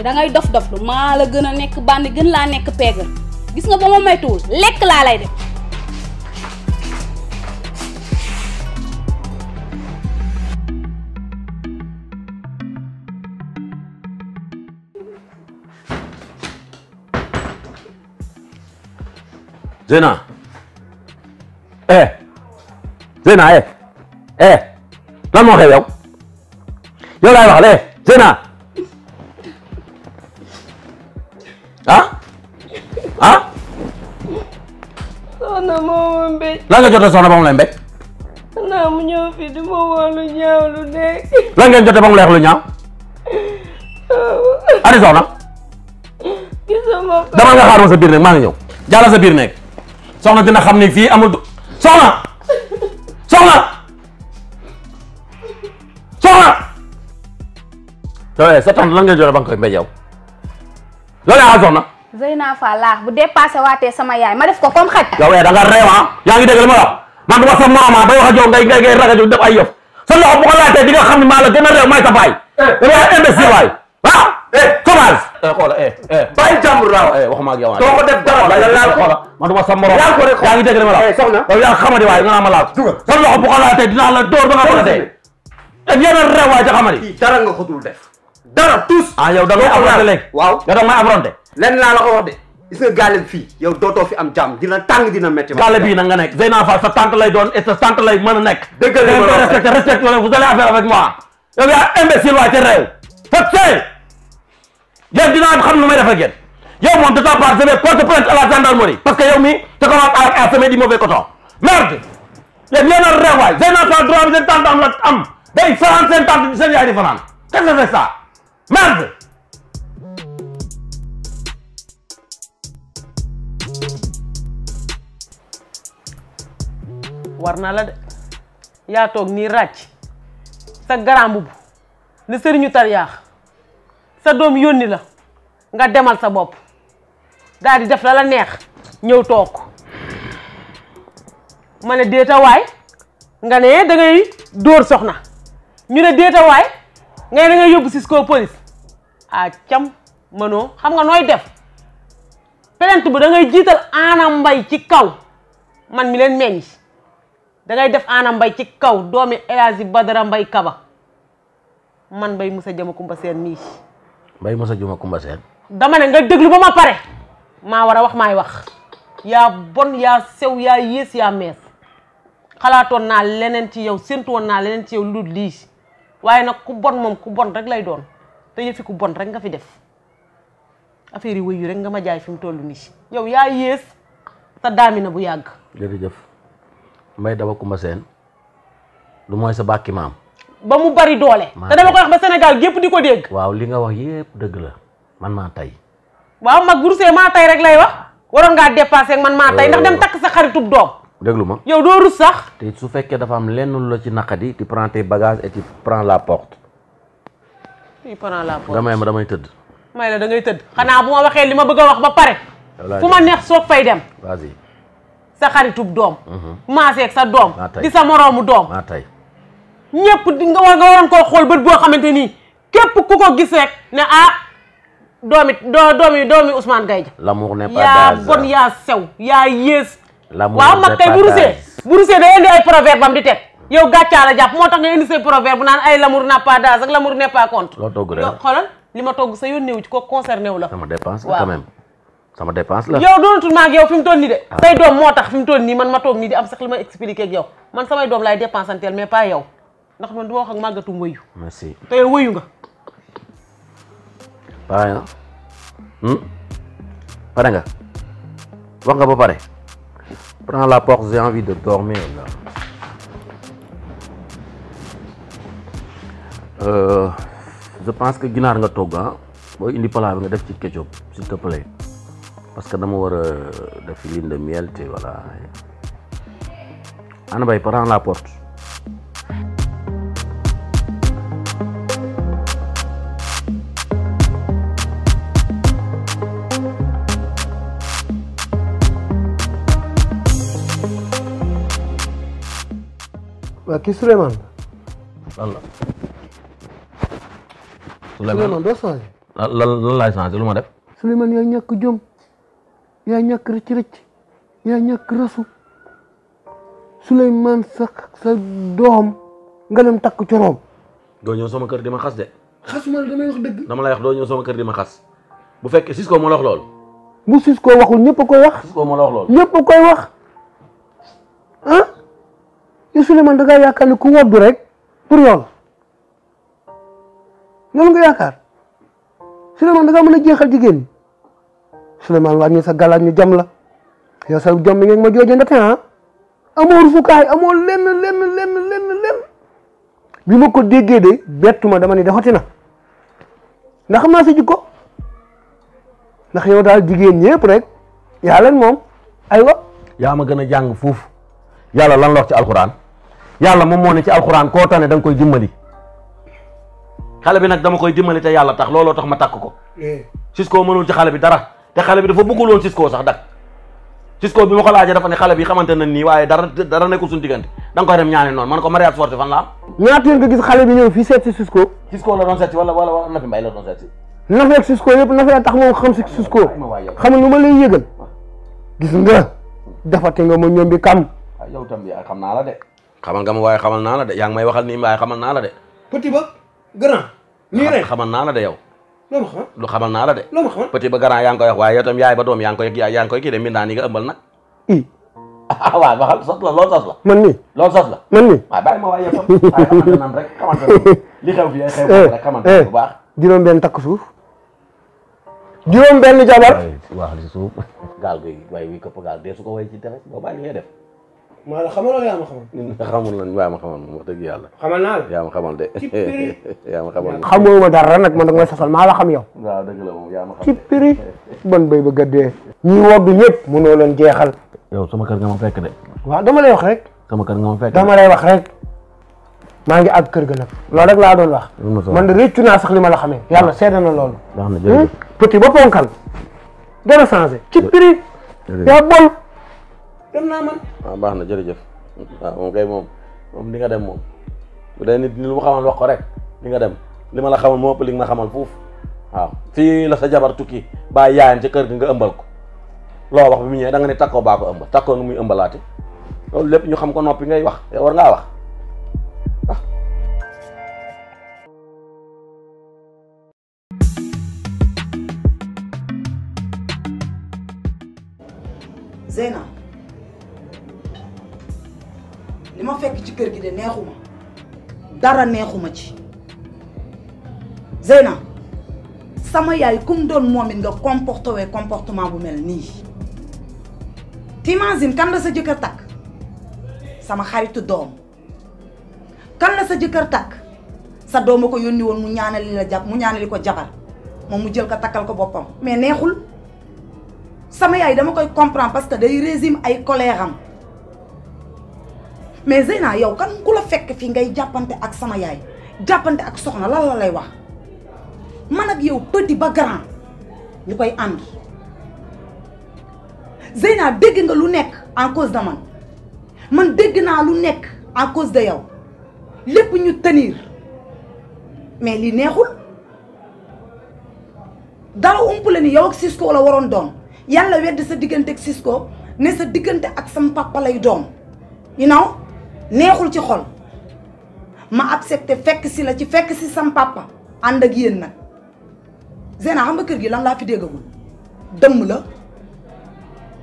da ngay dof dof lu maa la gën a nekk bandi gën laa nekk peegal gis nga ba ma moytuwul lekk laa lay def. Zena. Ê. Zena ê. Ê. Lắm mong hệ không? Vô đây bảo đi. Zena. Hả? Hả? Sana mau mbet. Langa jota sana mau lembet. Sana mau nyofi du mau walu nyau lu nek. Langa jota mau lek lu nyau. Ada sana. Dama nga xaar ma sa biir nekk maa ngi ñëw jàllal sa biir nekk soxna dina xam ne fii amul soxna soxna soxna. sa tante lan nga joxe ba nga koy mbéy yow loolu yaa ah, soxna. Zeyna Fall sama yaay ma def ko comme xaj. yow eh, da nga réew ah yaa ngi dégg li ma wax man du ma ah, bay wax ak yow ngay ngay ngay ragal def ay yëf sa xam ne maa la gën a may sa baay. dama eh. eh, imbécile waay ah. Eh, xoola eh eh bàyyi jàmbur laa eh waxuma ak yow ah. doo ko def dara la laal xoola man du ma sa morom laal ko rek yaa ngi dégg ma la eh, soxna yow yaa xamadi waaye nga naa ma laal sa loxo bu ko laatee dinaa la dóor ba nga ko dee ak eh, yéen a rew waaye jaxamadi dara nga ko dul def dara tous ah yow da ngay affronté léegi waaw yow da nga may affronté lenn laa la ko wax de gis nga gaale fii yow dootoo fi am jàmm dina tàng dina métti gaale bii nag nga nekk Zeyna Fall sa tante lay doon et sa tante lay mën a nekk dëgg la respecté respecté vous allez affaire avec moi yow yaa imbécile waaye te reew fat yow dinaa xam lu may def ak yéen yow moom de ta part je vais porter plainte à la gendarmerie parce que yow mi te commence à semer du mauvais coton merde yéen yéen a reew waay seen enfant droit bi seen tante am la am day fanaan seen tante seen yaay di fanaan qu'est-ce que c'est ça merde war naa la de yaa toog nii ràcc sa garambu bu ne sëriñu tar yaax sa doom yónni la nga demal sa bopp daal di def la la neex ñëw toog ma ne déetawaay nga ne dangay dóor soxna ñu ne déetawaay nga ne da ngay yóbbu Cisco police ah cam mënoo xam nga nooy def plainte bi dangay jiital Anna mbay ci kaw man mi leen meññ dangay def Anna mbay ci kaw doomi El Hadji Badara mbay Kaba man bay Moussa Diamacoumba Sène mii mbay Moussa Diouma Kumba Seen. dama ne nga déglu ba ma pare maa war a wax maay wax yaa bon yaa sew yaa yées yaa mees xalaatoon naa leneen ci yow séntu naa leneen ci yow lu lii waaye nag ku bon moom ku bon rek lay doon te yëfi ku bon rek nga fi def affaire yi wëyu rek nga ma jaay fi mu toll nii yow yaa yées sa na bu yàgg. jërëjëf mbay Kumba Seen lu mooy sa bàkki maam. ba mu bari doole. da dama ko wax ba senegal gep diko deg dégg. waaw li nga wax yep deug la man ma tay. waaw mag bu ma tay rek lay wax waro nga dépasser man ma tay ndax euh, dem tak sa xaritub doom. degluma yow do rus sax. te su fekke dafa am lenn lu ci naqadi tu prends tes bagages et tu prends la porte. tu prends la porte nga ma damay teud may la da ngay tëdd xanaa bu ma waxee li bëgg wax ba pare. fuma neex sok fay dem. vas-y. sa xaritub doom. Mhm. ak sa doom. di sa moroomu doom. ma tay ñepp di nga war nga waroon ko xol bët bo xamanteni ni képp ku ko gis rek ne ah domi domi domi Ousmane Gaye l'amour n'est pas Ya, bon ya sew ya yes wa mag kay bu rusé bu rusé da indi ay proverbe bam di tek yow gatcha la japp motax nga indi say proverbe bu naan ay l'amour n'a pas d'âge ak l'amour n'est pas compte lo togu rek xolal lima togu sa yónneewu ci ko concerné wu la sama dépense quand même sama dépense la yow doonatul maa ak yow fim ton ni de ah. say dom motax fim ton ni man ma tok ni di am sax lima expliquer ak yow man samay doom laay dépensanteel mais pas yow ndax man du wax ak magatu wëyu merci te yow wëyu nga pare na hmm? pare nga wax nga ba pare prends la porte j'ai envie de dormir là euh, je pense que ginaar nga togg ah boo indi plat nga def ci ketchup s'il te plaît parce que dama wara def lune de miel té voilà ana bay prends la porte কি Suleiman. আল্লাহ সুলেমান dosa je lan lan laay changé def suleman yaa ñàkk jom yaa ñàkk rëcc rëcc yaa ñàkk rasu suleyman sa sama kër di ma xas de xas ma damay wax dama lay wax sama kër di ma xas bu fekkee Cisco moo la wax loolu bu Cisco waxul ñëpp koy wax Cisco moo la wax loolu koy wax Youssou Limane man daga yakal ni ku woddu rek pour yoon loolu nga yakar Souleymane man daga mën a jigen jigéen man wañu sa galaat ñu jam la yow sa jom bi ngeen ma jooje ndate ah amoo rufukaay amoo lenn lenn lenn lenn lenn bi mako déggé dé de dama ni da xotina ndax ma sa jikko ndax yow daal jigen ñepp rek yaa mom ay wa yaa ma gën a jàng fuuf lan la wax ci alcorane yàlla moom moo ne ci alxuraan koo tane da nga koy dimbali xale bi nag dama koy dimbali te yàlla tax looloo tax ma takk ko eh. Cisco mënul ci xale bi dara te xale bi dafa bëggul woon Cisco sax dak Cisco bi ma ko laajee dafa ne xale bi xamante na nii waaye dara dara nekkul suñu da nga koy dem ñaani noonu man ko mariage forcé fan la am ñaata yoon gis xale bi ñëw fii seet si Cisco Cisco la doon seet si wala wala wala tax moom xam si Cisco xam lu ma lay yëgal ah. gis nga dafa te nga ma ñoom bi kam ah, tam bi ah, naa la de xamal nga ma waaye xamal naa la de yaa ngi may waxal nii waaye xamal naa la de. petit ba grand. nii rek xamal naa la de yow. loo naa la de. loo ma xamal petit ba grand yaa ngi waaye yow yaay ba doom yaa koy yaa ngi koy kii de ëmbal nag. Hmm. man mii man mii waaw bàyyi ma waaye li xew fii eh, eh. takk suuf. juróom benn jabar. waaw waaw li suuf maa la xamal wala yaa ma xamal. xamul lan yaa ma xamal moom wax dëgg yàlla. xamal naa la yaa ma xamal de. ci prix yaa ma xamal. xamoo ma dara nag man da nga may sasal maa la xam yow. waaw dëgg la moom yaa ma xam. ci prix ban béy ba gëddee. ñi woddu ñëpp mënoo leen jeexal. yow sama kër nga ma fekk de. waaw dama lay wax rek. sama kër nga ma fekk dama lay wax rek. maa ngi àgg kër ga nag loolu rek laa doon wax. man de réccu naa sax li ma la xamee. yàlla ah. seede na loolu. Hmm? petit ba ponkal dana changé. ci prix yaa bon. dem naa man. waaw baax na jërëjëf waaw ah, moom kay moom moom di nga dem moom bu dee nit ñi lu xamal wax ko rek di nga dem li ma la xamal moo ëpp li nga ma xamal foofu waaw ah, fii la sa jabar tukki bàyyi yaayam ci kër gi nga ëmbal ko loo wax bi mu ñëwee da nga ne takkoo baa ko ëmb takkoo nu muy ëmbalaate loolu lépp ñu xam ko noppi ngay wax ya, war ah. ngaa wax. kër gi de neexuma dara neexuma ci Zeyna sama yaay kum doon moom it nga comporté comportement bu mel nii t'imagines kan la sa jëkkër takk sama xaritu doom kan la sa jëkkër takk sa doom a ko yónni woon mu ñaanali la jàpp mu ñaanali ko jabar moom mu jël ko takkal ko boppam mais neexul sama yaay dama koy comprendre parce que day résume ay colère am mais Zeyna yow kan ku la fekk fii ngay jàppante ak sama yaay jàppante ak soxna lan lay wax man ak yow petit ba grand ñu koy ànd Zeyna dégg nga lu nekk en cause de man man dégg naa lu nekk en cause de yow lépp ñu tenir mais li neexul dara umpale ni yow ak Cisco la waroon doom yàlla weddi sa diggante ak Cisco ne sa diggante ak sam papa doom you neexul ci xol ma accepté fekk si la ci fekk si sam papa and ak yeen nak zena xam nga kër gi lan la fi déggagul dem la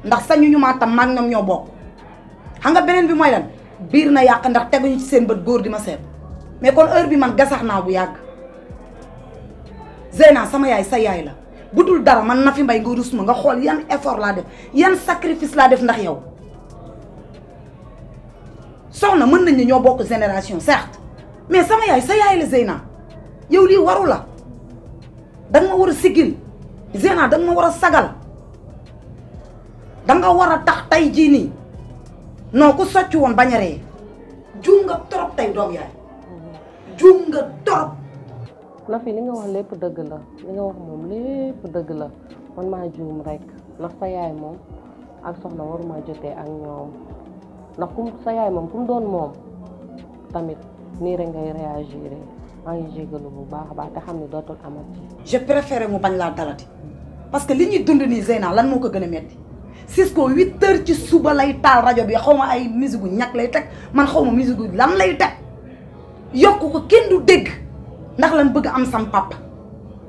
ndax sañu ñu maa tam mag ñom ñoo bok xam nga benen bi moy lan bir na yàq ndax teguñu ci seen goor di ma seet mais kon heure bi man gasax bu yag zena sama yaay sa yaay la Budul dara man na fi mbay nga rus nga xol yan effort lade, def yan sacrifice la def ndax yow soxna mën nañ ne ñoo bokk génération certes mais sama yaay sa yaay la Zeyna yow lii waru la danga ma war a siggil Zeyna danga ma war a sagal danga war a tax tey jii nii non ku socc woon bañ a ree juum nga torop tey doom yaay juum nga torop Nafi li nga wax lépp dëgg la li moom lépp dëgg man maa juum rek ndax sa yaay moom ak war waruma jotee ak ñoom ndax kum sa yaay moom kum doon moom tamit nii rek ngay réagir maa ngi jégalu bu baax a baax te xam ne dootul amati. je préfère mu bañ laa dalati parce que li ñuy dund nii lan moo ko gën a metti Cisco huit heures ci suba lay taal rajo bi xaw ma ay musique gu ñàkk lay teg man xaw ma musique gu lan lay teg yokk ko kenn du dégg ndax lan bëgg am sam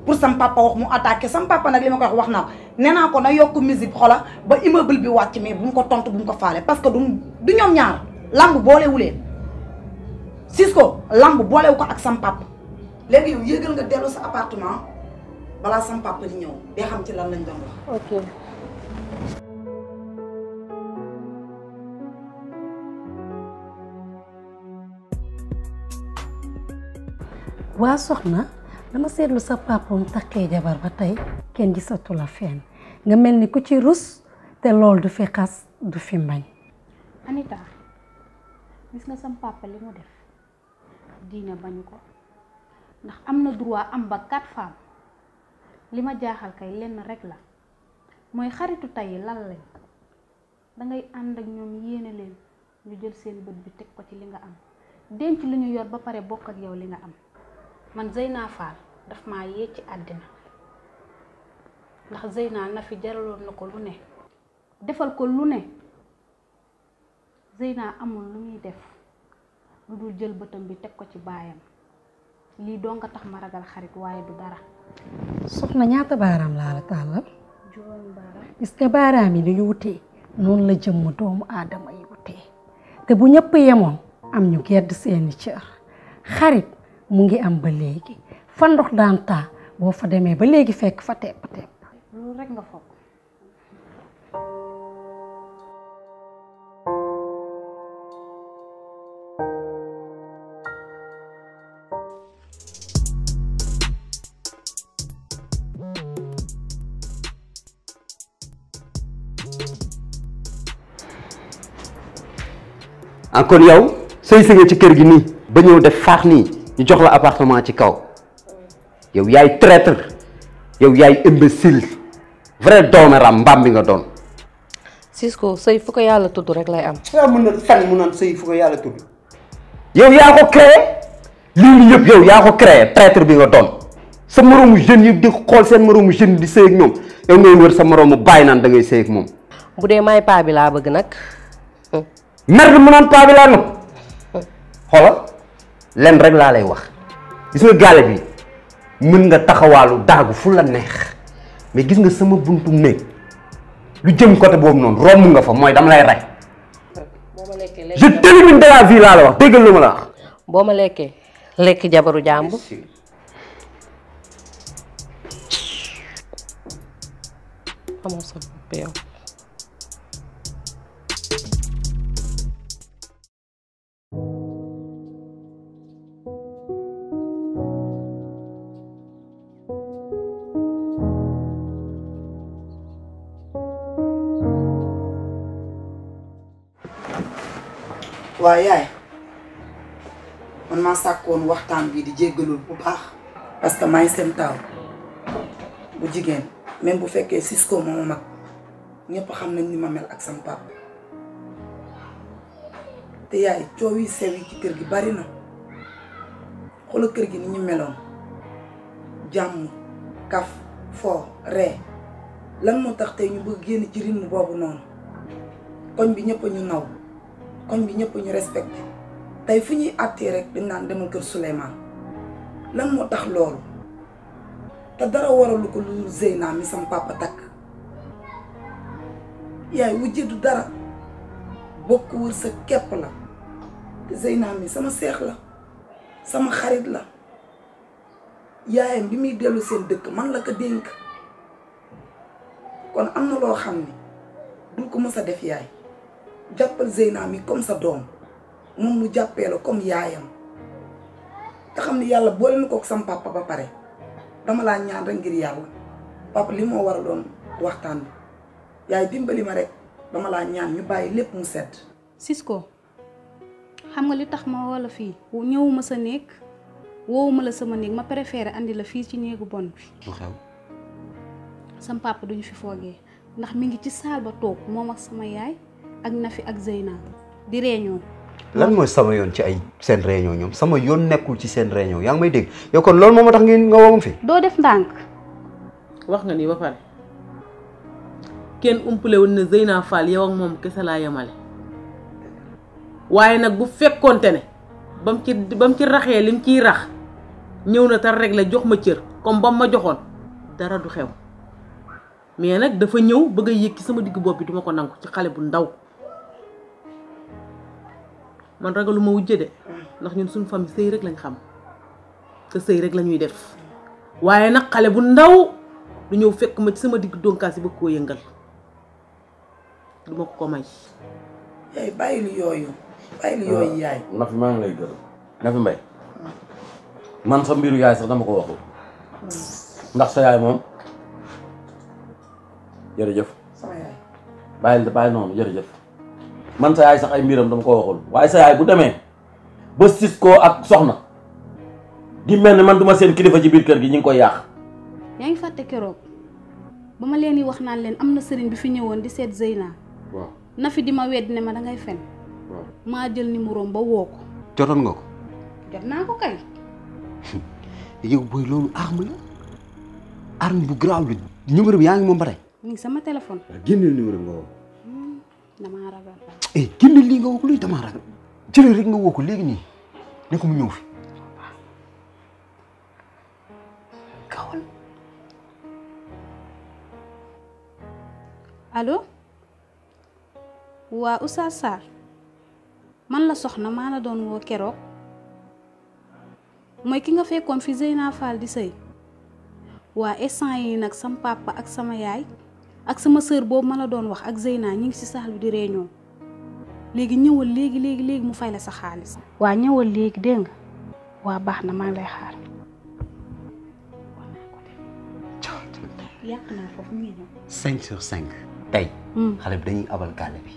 pour sam papa wax mu attaqué sam nag li ma koy wax wax naa ko nee naa ko na yokk musique xola ba immeuble bi wàcc mais bu mu ko tontu bu mu ko faale parce que du du ñoom ñaar lamb boolewu leen Cisco lamb boolewu ko ak sam léegi yow yëgal nga dellu sa appartement balaa sam papa ñëw day xam ci lan lañ doon wax. ok. waa soxna. dama seetlu sa papa mu takkee jabar ba tey kenn gisatu la fenn nga mel ni ku ci rus te loolu du fi xas du fi mbañ Anita gis nga sam papa li mu def diine bañu ko ndax am na droit am ba quatre femmes li ma jaaxal kay lenn rek la mooy xaritu tay lan lañ da ngay ànd ak ñoom yéene leen ñu jël seen bët bi teg ko ci li nga am denc li ñu yor ba pare bokk ak yow li nga am man Zeyna Fall daf maa yee ci àddina ndax Zeyna na fi jaraloon na ko lu ne defal ko lu ne Zeyna amul lu muy def lu dul jël bëtam bi teg ko ci baayam lii doo nga tax ma ragal xarit waaye du dara soxna ñaata baaraam laa la tàllal juróomi baaraam baaraam yi di wutee noonu la jëmm doomu aadama yi wutee te bu ñëpp yemoon am ñu gedd seeni cër xarit mu ngi am ba léegi fa ndox daan taa boo fa demee ba léegi fekk fa tepp tepp loolu rek yow sëy si nga ci kër gi nii ba ñëw def faax nii ñu jox la appartement ci kaw yow yaay traître yow yaay imbécile vrai doomeram mbaam bi nga doon. Cisco sëy fu ko yàlla tudd rek lay am. waaw mun na fan mu naan sëy fu ko yàlla tudd. yow yaa ko créé lii yëpp yow yaa ko créé traître bi nga doon sa moroomu jeune yëpp di xool seen moroomu jeune di sëy ak ñoom yow ngay wër sa moroomu bàyyi naan dangay ngay sëy ak moom. bu dee may paa laa bëgg nag. mer bi mu naan paa laa nëb len rek laa lay wax gis nga gaale bi mën nga taxawaalu daagu fu la neex mais gis nga sama buntu néeg lu jëm côté boobu noonu romb nga fa mooy dama lay rey je t'élimine de la vie laa la wax déggal lu ma la boo ma lekkee lekk jabaru jàmb waaye yaay man maa sàkkoon waxtaan bi di jéggalul bu baax parce que maay seen taaw bu jigéen même bu fekkee Cisco mooma mag ñëpp xam nañ ni ma mel ak sama papa te yaay coow yi sew yi ci kër gi bari na xoolal kër gi ni ñu meloon kaf fo re, lan tak tax tey ñu bëgg génn ci rythme boobu noonu koñ bi ñëpp ñu naw koñ bi ñëpp ñu respecté tey fi ñuy àttee rek dañ naan demal kër Souleymane lan moo tax loolu te dara waralu ko lu Zeyna mi sama papa takk yaay wujje du dara bokk wër sa képp la te Zeyna mi sama seex la sama xarit la yaayam bi muy dellu seen dëkk man la ko dénk kon am na loo xam ne dul ko mës a def yaay jappel Zeyna mi comme sa dom moom mu jappelo comme yaayam ta xamni yalla bolen ko ak sam papa ba pare dama la ñaan rek ngir yalla papa limo wara war waxtan yaay dimbali ma rek dama la ñaan ñu bàyyi lepp mu set sisko xam nga li tax ma woo fi fii sa néeg wowuma la sama ma préférer andi la fi ci néegu bon bi xew sam papa duñ fi foggé ndax mi ngi ci salle ba tok mom ak sama yaay ak Nafi ak Zeyna di réunion. lan mooy sama yoon ci ay seen réunion ñoom sama yoon nekkul ci seen réunion yaa ngi may dégg yow kon loolu moo tax ngeen nga woowam fi. doo def ndànk. wax nga ni ba pare kenn umpale woon ne Zeyna Fall ak moom kese laa yemale waaye nag bu fekkoonte ne bam mu ci raxee lim ciy rax ñëw na tar rek la jox ma cër comme ba ma joxoon dara du xew mais nag dafa ñëw bëgg a yëg ci sama digg bopp bi duma ko nangu ci xale bu ndaw. man lu ma wujje de ndax ñun suñu famille sëy rek lañ xam te sëy rek lañuy def waaye nag xale bu ndaw du ñëw fekk ma ci sama digg donkaas yi bëgg koo yëngal du ma ko may. yaay eh, bàyyi lu ah, maa ngi lay gërëm Nafi Mbaye man sa mbiru yaay sax dama ko waxul ndax sa yaay moom jërëjëf. sama yaay noonu jërëjëf. man sa yaay sax ay mbiram dama ko waxul waaye sa yaay bu demee ba koo ak soxna di mel ni man duma seen kilifa ci biir kër gi ñu ngi koy yàq. yaa ngi fàtte keroog ba ma leen di wax naa leen am na sëriñ bi fi ñëwoon di seet Zeyna. na fi di ma wedd ne ma dangay fen. maa jël numéro ba woo ko. jotoon nga ko. jot naa ko kay. yow booy loolu arme la arme bu grave la numéro bi yaa ngi moom ba tey. mi sama téléphone. waaw génneel numéro nga woo. damaa ragal. eh génne lii nga wokk luy damaa ragal jëlee rek nga wokk léegi nii ne ko mu ñëw fi. kawal. allo. waa Oustaz Sarr man la soxna maa la doon woo keroog mooy ki nga fekkoon fi naa Fall di sëy waa instant yi nag sam papa ak sama yaay. ak sama sœur boobu ma la doon wax ak Zeyna ñu ngi si saal bi di réunion léegi ñëwal léegi léegi léegi mu fay la sa xaalis. waa ñëwal léegi dégg nga waa baax na maa ngi lay xaar. yàq naa foofu sur 5. tey. Hmm. bi dañuy abal kàlle bi.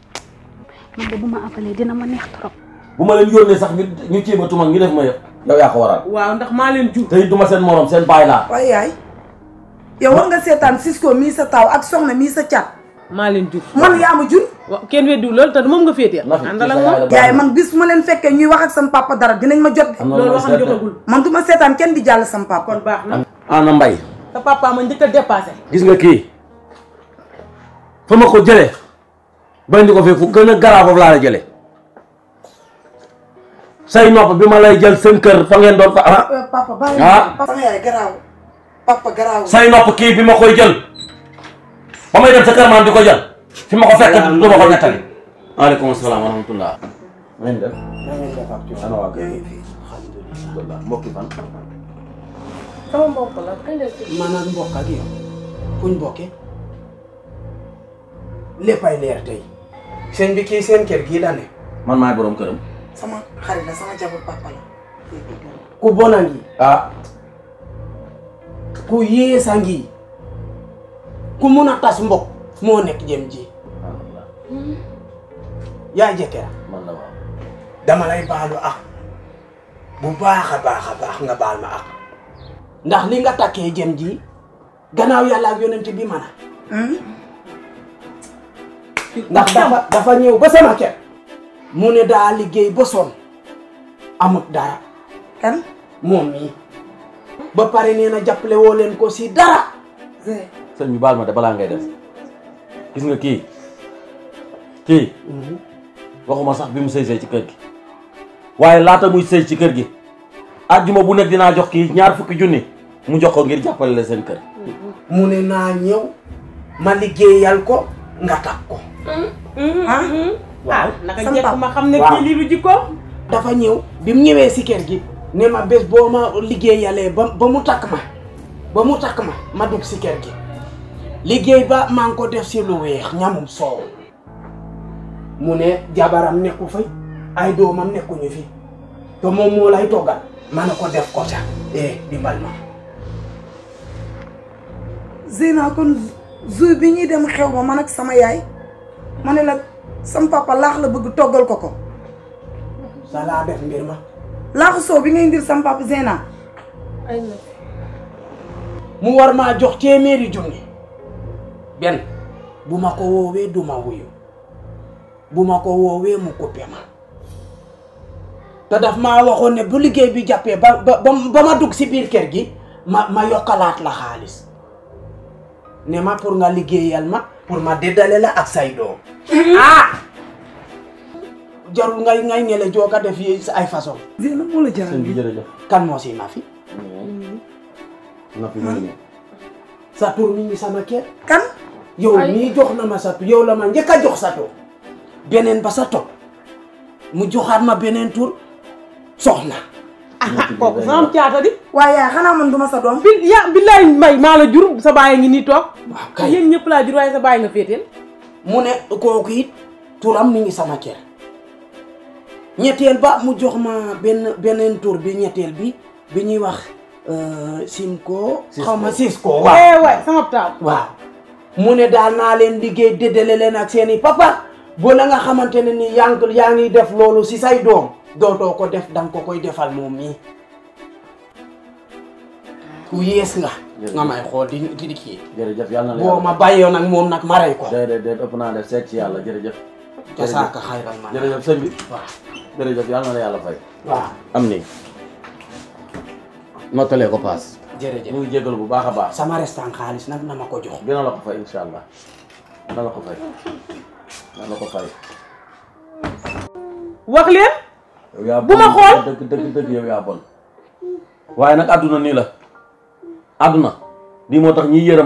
man de bu ma abalee dina ma neex trop. bu ma leen yónnee sax ñu ñu cee ba tuma ñu def ma yëpp. yow yaa ko waral. waaw ndax maa leen jur. tey duma seen morom seen baay laa. waay yow war nga sétane Cisco mi sa taw ak soxna mi sa cat. ma len djuf man yaa ma jur. waaw kenn weddiwul loolu nga fete andal ak mom yaay man bis ma len fekke ñuy wax ak sam papa dara dinañ ma jot. lol waxam jotagul man duma sétane ken di jall sam papa. kon baxna ana mbay. sa papa ma ndika dépasser gis nga ki fama ko jëlee bañ di fe fu gëna a garaaw foofu la jëlee say nopp bima lay jël seen kër fa ngeen doon fa. ah euh, papa ngeen ah papa garaaw say nopp kii bi koy jël ba dem sa kër maam di jël fi ma fekk du ma ko nettali maaleykum wa rahmatullah nañ def ana waa kër alhamdulillah mbokki fan sama mbokk la kañ la mbokk ak yow kuñ leer bi seen kër man borom sama xarit la sama jabar papa la ku bonangi ah ku yées a ngi ku mun a tas mbokk moo nekk jëm ji yaa jëkkër dama lay baalu ak bu baaxa a baax nga baal ma ak ndax li nga takkee jëm ji gannaaw yàlla ak yonent bi mana hmm? ndax dafa dafa ñëw ba sama kër mu ne daa liggéey ba sonn amut dara moom mii ba paré néna na wo len ko si dara. Eh. sëñ bi baal ma de balaa ngay def gis nga ki ki mhm. waxuma sax bi mu sëy sëy ci kër gi waye laata muy sey ci kër gi Mune bu nek dina jox ki ñaar fukki junni mu jox ko ngir jàppale la kër. Mhm. mu né na ñew ma liggéeyal ko nga ko. Mhm. Ah. ah naka njëkk ma xam ne lu jikko dafa ñew bimu ñewé ci kër gi. ne ma bés boo ma liggéeyalee ba ba mu takk ma ba mu takk ma ma dugg si kër gi liggéey ba maa ngi ko def si lu weex ñamum soow mu ne jabaram nekku fi ay doomam nekkuñu fi te moom moo lay toggal ma ne ko def ko ca eh dimbal ma Zeyna kon jour bi ñuy dem xew ma man ak sama yaay ma ne la sam papa laax la bëgg toggal ko ko sa laa def mbir ma laaxasoo bi nga ndir sama papa na. mu war maa jox téeméeri junni benn bu ma ko woowee du ma wuyu bu ma ko woowee mu coupé ma te daf maa waxoon ne bu liggéey bi jàppee ba ba ba ma dugg si biir kër gi ma ma yokkalaat la xaalis ne ma pour nga liggéeyal ma pour ma déddale la ak say doom hmm? ah. jarul ngay ngay ñele joo ka def yi ay façon. Zeyna moo la jaral bi jërëjëf. kan moo si Nafi. Nafi mooy ne. sa tur mi ngi sama kër. kan. yow mi jox na ma sa tur yow la ma njëkk a jox sa tur. beneen ba sa topp mu joxaat ma beneen tur soxna. Ah, kooku sama caata di waya yaay xanaa man duma sa doom bi ya billaay mbay maa la jur sa baay ngi nii toog waaw kay yéen ñëpp laa jur waaye sa baay nga féeteel mu ne kooku it turam mi ngi sama kër ñettel ba mu jox ma ben benen tour bi ñettel bi bi ñuy wax euh simco xaw ma wa eh wa sama taaw. wa mu ne dal na len liggéey déddale len ak seni papa bo la nga xamante ni yang yaangi def lolu si say doom dootoo ko def dang ko koy defal mom mi ku yes nga. nga may xol di di kii. jërëjëf yàlla na bo boo ma bàyyoon ak moom nag ma rey ko. déedéet ëpp na def seet ci yalla jere yàlla jërëjëf. jërëjëf jasaaka xayral ma jef sëñ bi wa jërëjëf jadi na la yàlla fay. waaw am ni notalee ya, ko paas. jërëjëf ñu ngi iya bu baax. sama restant xaalis nag na ma jox. dina la ko fay allah na la ko fay na la ko fay. wax leen. yow yaa bon bu ma yow yaa bon. waaye nag àdduna nii la àdduna lii moo tax ñiy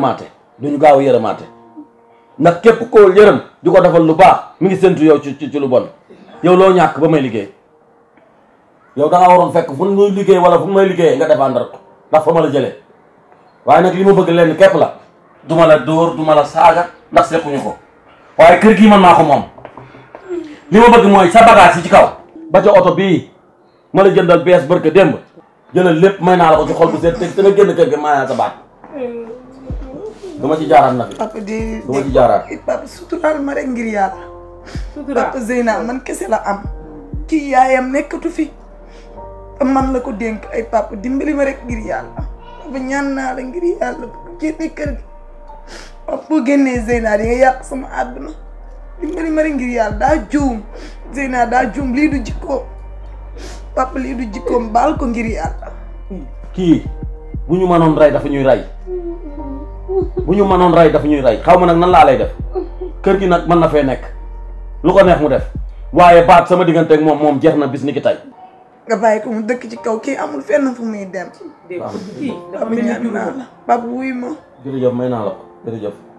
duñu gaaw a yërëmaate képp yërëm defal lu baax mi ngi yow ci ci lu bon yow lo ñak ba may liggéey yow da nga waron fekk fu muy liggéey wala fu may liggéey nga défendre ko ndax fa ma la jëlee waaye nag li bëgg lén képp la duma la door duma la saga ndax sequñu ko waye kër gi man mako mom limu bëgg moy sa bagage yi ci kaw ba ci auto bi ma la jëndal bees bërk demb jëlal lepp may na la ko ci xol bu sét té na génn kër gi mm. ma naa ta baat duma ci nak papa di duma ci jaaraat papa sutural ma rek ngir yàlla papa Zeyna man kessé la am ci yaayam nekatu fi man la ko denk ay papa dimbali ma rek ngir yalla papa ñaan na la ngir yalla génne kër papa Zeyna di nga yaq sama aduna dimbali ma rek ngir yalla da joom Zeyna da joom li du jikko papa li du jikko bal ko ngir yalla ki bu ñu mënoon ray, dafa ñuy ray, bu ñu mënoon dafa ñuy ray xawma nak nan la lay def kër gi nak man na fe nek lu ko neex mu def waaye baat sama diggante ak moom moom jeex na bis ni ki tey. nga bàyyi mu dëkk ci kaw kii amul fenn fu muy dem. waaw kii dafa mel ni juróom la Pape may naa la ko jërëjëf.